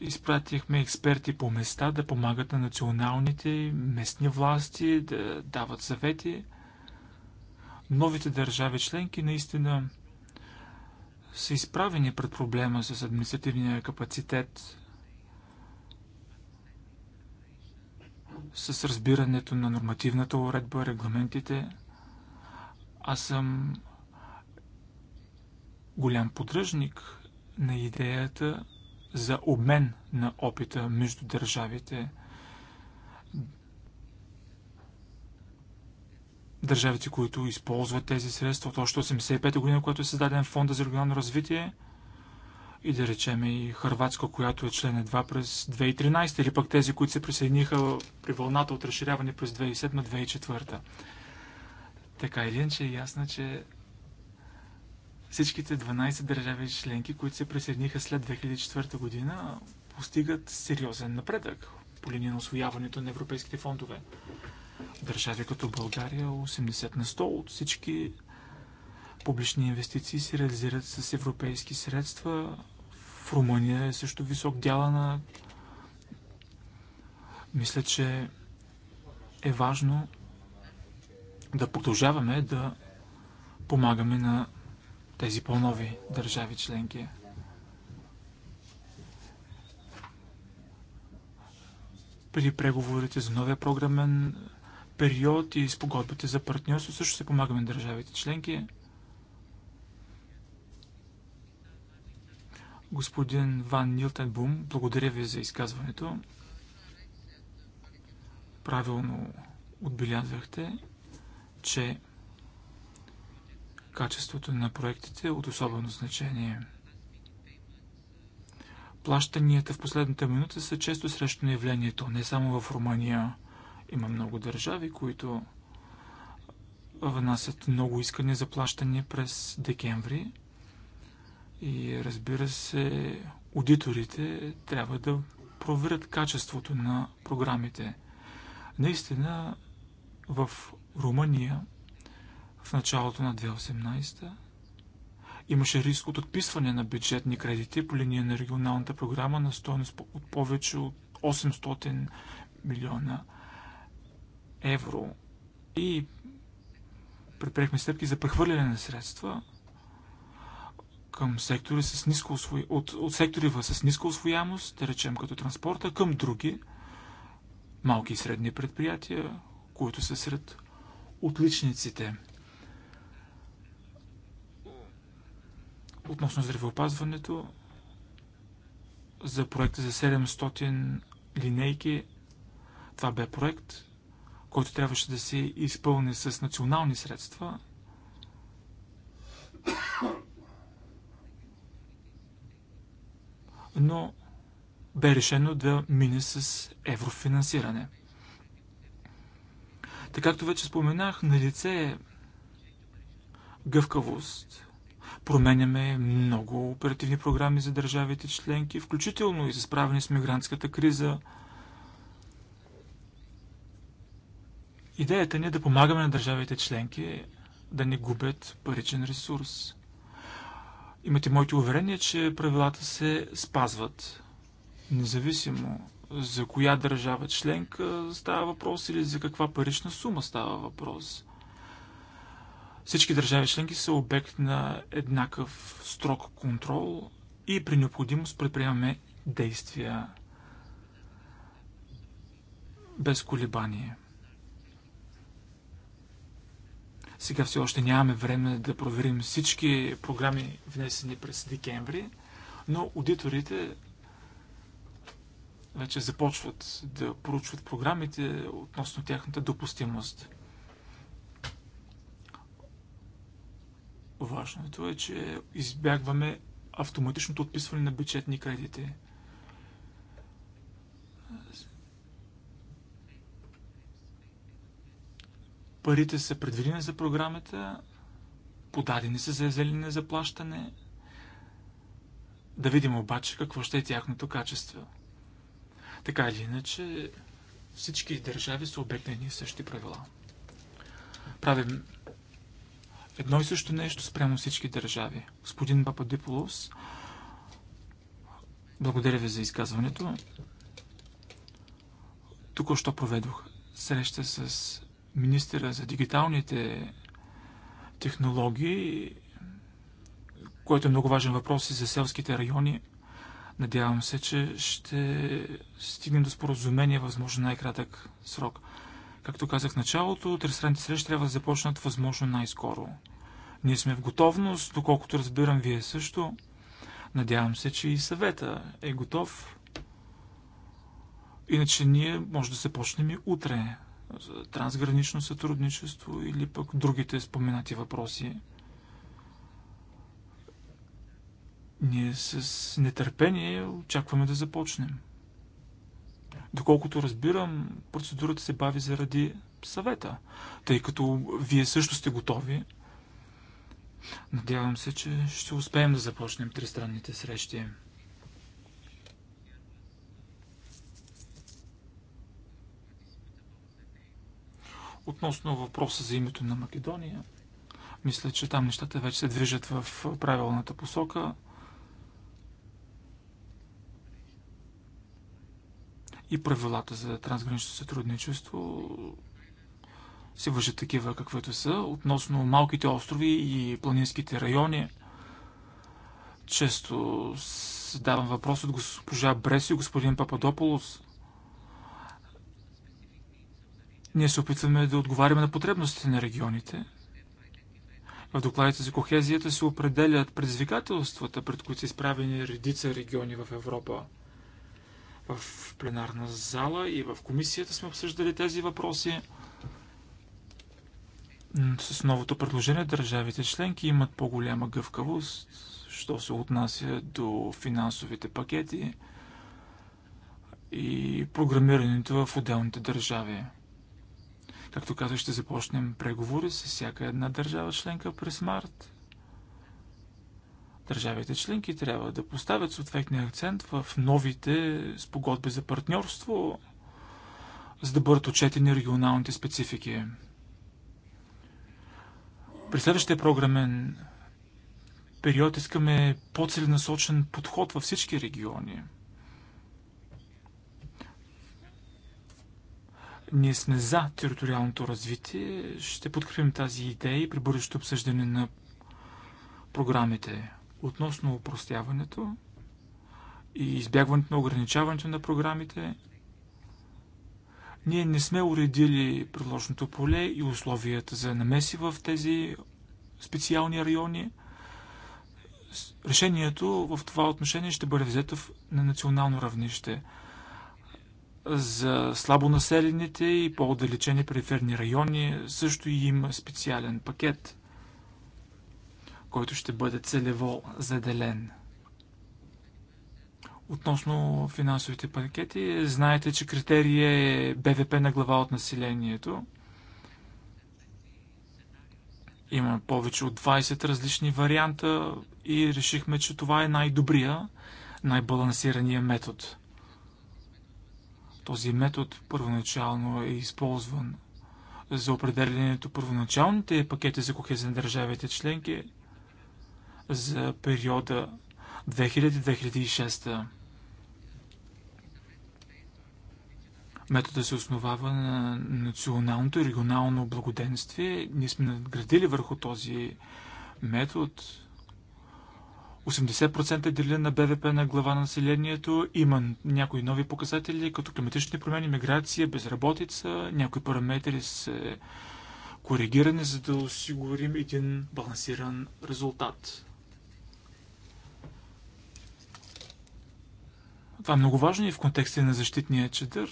Изпратихме експерти по места да помагат на националните, местни власти, да дават съвети. Новите държави членки наистина са изправени пред проблема с административния капацитет, с разбирането на нормативната уредба, регламентите – аз съм голям поддръжник на идеята за обмен на опита между държавите. Държавите, които използват тези средства от още 85 година, която е създаден фонда за регионално развитие, и да речем и Харватска, която е член едва през 2013, или пък тези, които се присъединиха при вълната от разширяване през 2007-2004. Така или иначе е ясно, че всичките 12 държави членки, които се присъединиха след 2004 година, постигат сериозен напредък по линия на освояването на европейските фондове. Държави като България 80 на 100 от всички публични инвестиции се реализират с европейски средства. В Румъния е също висок дяла на... Мисля, че е важно да продължаваме да помагаме на тези по-нови държави членки. При преговорите за новия програмен период и погодбите за партньорство също се помагаме на държавите членки. Господин Ван Нилтенбум, благодаря ви за изказването. Правилно отбелязвахте че качеството на проектите е от особено значение. Плащанията в последната минута са често срещано явлението, не само в Румъния. Има много държави, които внасят много искания за плащане през декември. И разбира се, аудиторите трябва да проверят качеството на програмите. Наистина, в Румъния в началото на 2018 имаше риск от отписване на бюджетни кредити по линия на регионалната програма на стоеност от повече от 800 милиона евро и предприехме стъпки за прехвърляне на средства към сектори с ниска усво... от, от сектори с ниска освоямост, да речем като транспорта, към други малки и средни предприятия, които са сред отличниците. Относно здравеопазването, за проекта за 700 линейки, това бе проект, който трябваше да се изпълни с национални средства. Но бе решено да мине с еврофинансиране. Така както вече споменах, на лице е гъвкавост. Променяме много оперативни програми за държавите членки, включително и за справяне с мигрантската криза. Идеята ни е да помагаме на държавите членки да не губят паричен ресурс. Имате моите уверения, че правилата се спазват, независимо за коя държава членка става въпрос или за каква парична сума става въпрос. Всички държави членки са обект на еднакъв строг контрол и при необходимост предприемаме действия без колебание. Сега все още нямаме време да проверим всички програми, внесени през декември, но аудиторите вече започват да проучват програмите относно тяхната допустимост. Важното е, че избягваме автоматичното отписване на бюджетни кредити. Парите са предвидени за програмата, подадени са за за плащане. Да видим обаче какво ще е тяхното качество. Така или иначе, всички държави са обект на едни и същи правила. Правим едно и също нещо спрямо всички държави. Господин Пападиполос, благодаря ви за изказването. Току-що проведох среща с министъра за дигиталните технологии, който е много важен въпрос и за селските райони – Надявам се, че ще стигнем до споразумение възможно най-кратък срок. Както казах в началото, тристранните срещи трябва да започнат възможно най-скоро. Ние сме в готовност, доколкото разбирам вие също. Надявам се, че и съвета е готов. Иначе ние може да се почнем и утре за трансгранично сътрудничество или пък другите споменати въпроси. Ние с нетърпение очакваме да започнем. Доколкото разбирам, процедурата се бави заради съвета, тъй като вие също сте готови. Надявам се, че ще успеем да започнем тристранните срещи. Относно въпроса за името на Македония, мисля, че там нещата вече се движат в правилната посока. и правилата за трансгранично сътрудничество се въжат такива, каквито са. Относно малките острови и планинските райони, често задавам въпрос от госпожа Бреси и господин Пападополос. Ние се опитваме да отговаряме на потребностите на регионите. В докладите за кохезията се определят предизвикателствата, пред които са изправени редица региони в Европа – в пленарна зала и в комисията сме обсъждали тези въпроси. С новото предложение държавите членки имат по-голяма гъвкавост, що се отнася до финансовите пакети и програмирането в отделните държави. Както казах, ще започнем преговори с всяка една държава членка през март. Държавите членки трябва да поставят съответния акцент в новите спогодби за партньорство, за да бъдат отчетени регионалните специфики. При следващия програмен период искаме по-целенасочен подход във всички региони. Ние сме за териториалното развитие. Ще подкрепим тази идея и при бъдещето обсъждане на програмите. Относно упростяването и избягването на ограничаването на програмите, ние не сме уредили приложното поле и условията за намеси в тези специални райони. Решението в това отношение ще бъде взето на национално равнище. За слабо населените и по-отдалечени периферни райони също и има специален пакет който ще бъде целево заделен. Относно финансовите пакети, знаете, че критерия е БВП на глава от населението. Има повече от 20 различни варианта и решихме, че това е най-добрия, най-балансирания метод. Този метод първоначално е използван за определенето първоначалните пакети за кохезен на държавите членки, за периода 2000-2006. Метода се основава на националното и регионално благоденствие. Ние сме надградили върху този метод. 80% е делен на БВП на глава на населението. Има някои нови показатели, като климатични промени, миграция, безработица. Някои параметри са коригирани, за да осигурим един балансиран резултат. Това е много важно и в контекста на защитния чедър,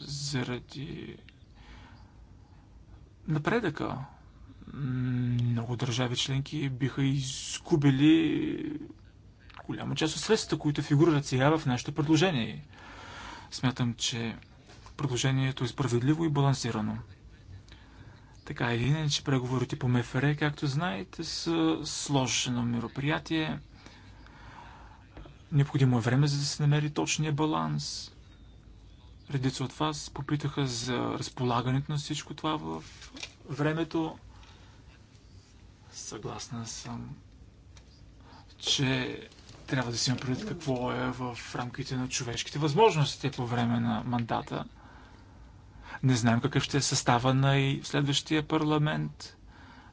заради напредъка. Много държави членки биха изгубили голяма част от средствата, които фигурират сега в нашето предложение. Смятам, че предложението е справедливо и балансирано. Така или иначе, преговорите по МФР, както знаете, са сложено мероприятие. Необходимо е време, за да се намери точния баланс. Редица от вас попитаха за разполагането на всичко това в времето. Съгласна съм, че трябва да си има предвид какво е в рамките на човешките възможности по време на мандата. Не знаем какъв ще е състава на и следващия парламент.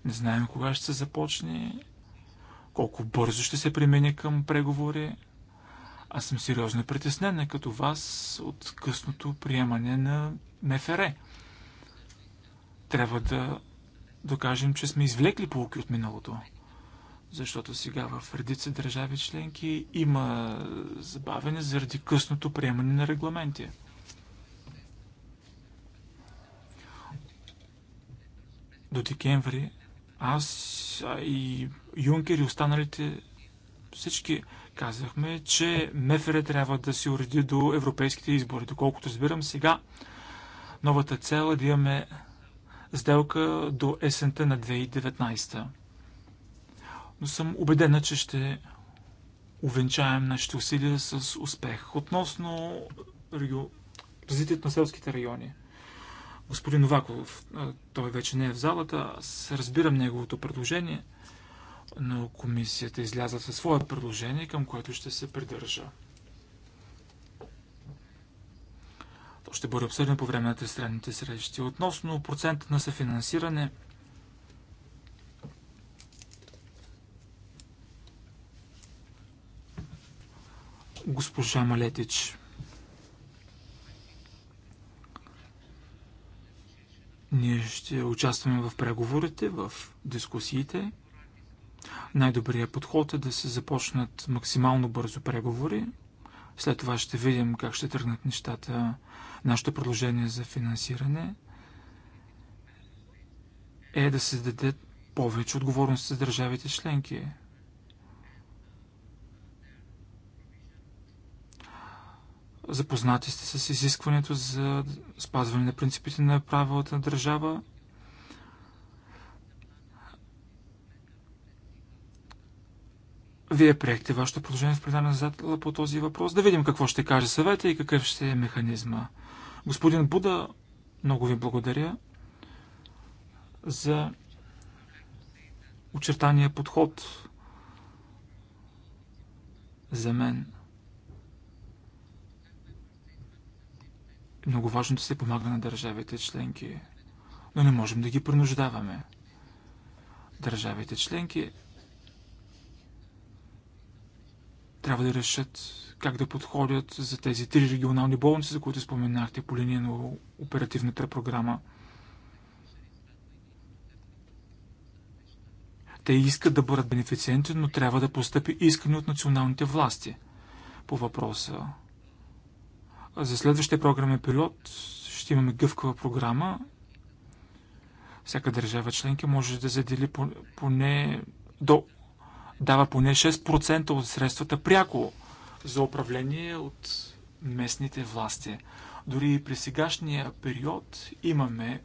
Не знаем кога ще се започне, колко бързо ще се премине към преговори аз съм сериозно притеснен, като вас, от късното приемане на МФР. Трябва да докажем, че сме извлекли полуки от миналото. Защото сега в редица държави членки има забавене заради късното приемане на регламенти. До декември аз а и Юнкер и останалите всички Казахме, че МФР трябва да се уреди до европейските избори. Доколкото разбирам сега, новата цел е да имаме сделка до есента на 2019. Но съм убедена, че ще увенчаем нашите усилия с успех. Относно развитието на селските райони. Господин Новаков, той вече не е в залата, аз разбирам неговото предложение – но комисията изляза със свое предложение, към което ще се придържа. То ще бъде обсъдено по време на тристранните срещи. Относно процента на съфинансиране, госпожа Малетич. Ние ще участваме в преговорите, в дискусиите. Най-добрият подход е да се започнат максимално бързо преговори. След това ще видим как ще тръгнат нещата. Нашето предложение за финансиране е да се даде повече отговорност за държавите членки. Запознати сте с изискването за спазване на принципите на правилата на държава Вие приехте вашето положение в на задател по този въпрос. Да видим какво ще каже съвета и какъв ще е механизма. Господин Буда, много ви благодаря за очертания подход за мен. Много важно да се помага на държавите членки, но не можем да ги принуждаваме. Държавите членки трябва да решат как да подходят за тези три регионални болници, за които споменахте по линия на оперативната програма. Те искат да бъдат бенефициенти, но трябва да постъпи искане от националните власти по въпроса. За следващия програмен период ще имаме гъвкава програма. Всяка държава членка може да задели поне до дава поне 6% от средствата пряко за управление от местните власти. Дори и при сегашния период имаме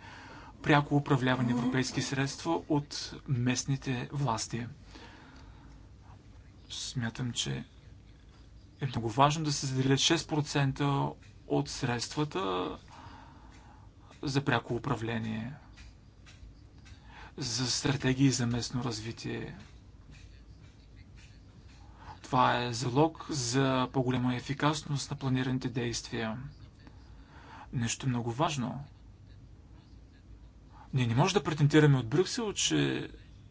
пряко управлявани европейски средства от местните власти. Смятам, че е много важно да се заделят 6% от средствата за пряко управление, за стратегии за местно развитие, това е залог за по-голяма ефикасност на планираните действия. Нещо много важно. Ние не можем да претентираме от Брюксел, че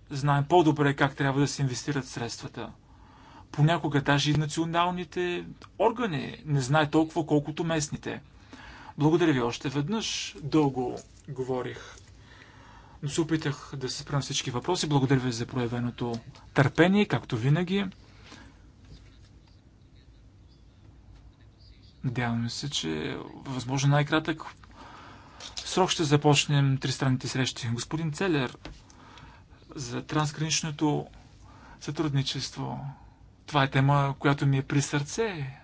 знаем по-добре как трябва да се инвестират средствата. Понякога даже и националните органи не знаят толкова, колкото местните. Благодаря ви още веднъж. Дълго говорих, но се опитах да се спрям всички въпроси. Благодаря ви за проявеното търпение, както винаги. Надяваме се, че възможно най-кратък срок ще започнем тристранните срещи. Господин Целер, за трансграничното сътрудничество. Това е тема, която ми е при сърце.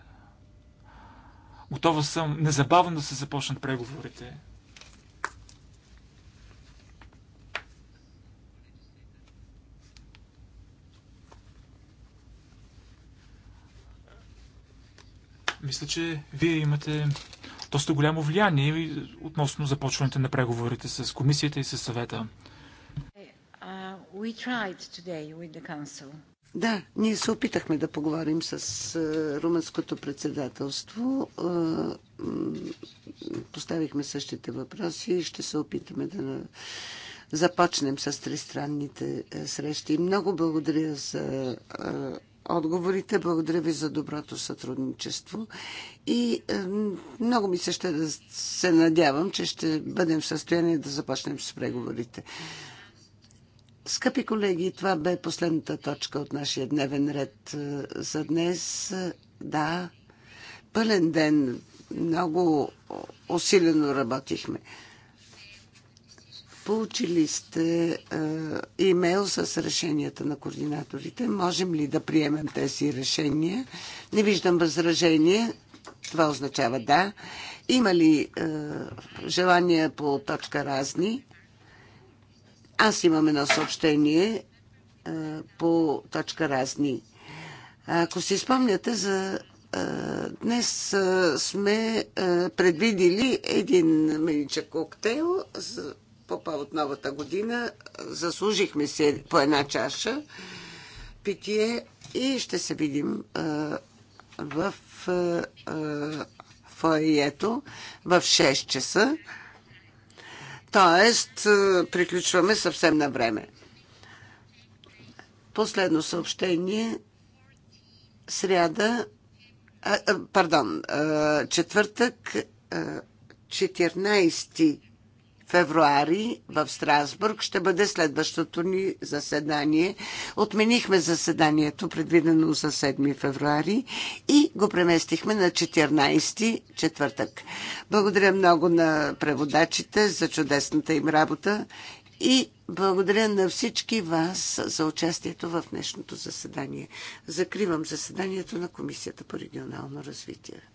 Готова съм незабавно да се започнат преговорите. Мисля, че вие имате доста голямо влияние относно започването на преговорите с комисията и с съвета. Е, да, ние се опитахме да поговорим с румънското председателство. Поставихме същите въпроси и ще се опитаме да започнем с тристранните срещи. Много благодаря за отговорите. Благодаря ви за доброто сътрудничество и е, много ми се ще да се надявам, че ще бъдем в състояние да започнем с преговорите. Скъпи колеги, това бе последната точка от нашия дневен ред е, за днес. Да, пълен ден. Много усилено работихме. Получили сте е, имейл с решенията на координаторите. Можем ли да приемем тези решения? Не виждам възражение. Това означава да. Има ли е, желания по точка разни? Аз имам едно съобщение е, по точка разни. Ако си спомняте за днес сме предвидили един мъничък коктейл Попа от новата година. Заслужихме се по една чаша питие и ще се видим в фойето в 6 часа. Тоест, приключваме съвсем на време. Последно съобщение. Сряда. А, пардон. Четвъртък. 14 февруари в Страсбург ще бъде следващото ни заседание. Отменихме заседанието, предвидено за 7 февруари и го преместихме на 14 четвъртък. Благодаря много на преводачите за чудесната им работа и благодаря на всички вас за участието в днешното заседание. Закривам заседанието на Комисията по регионално развитие.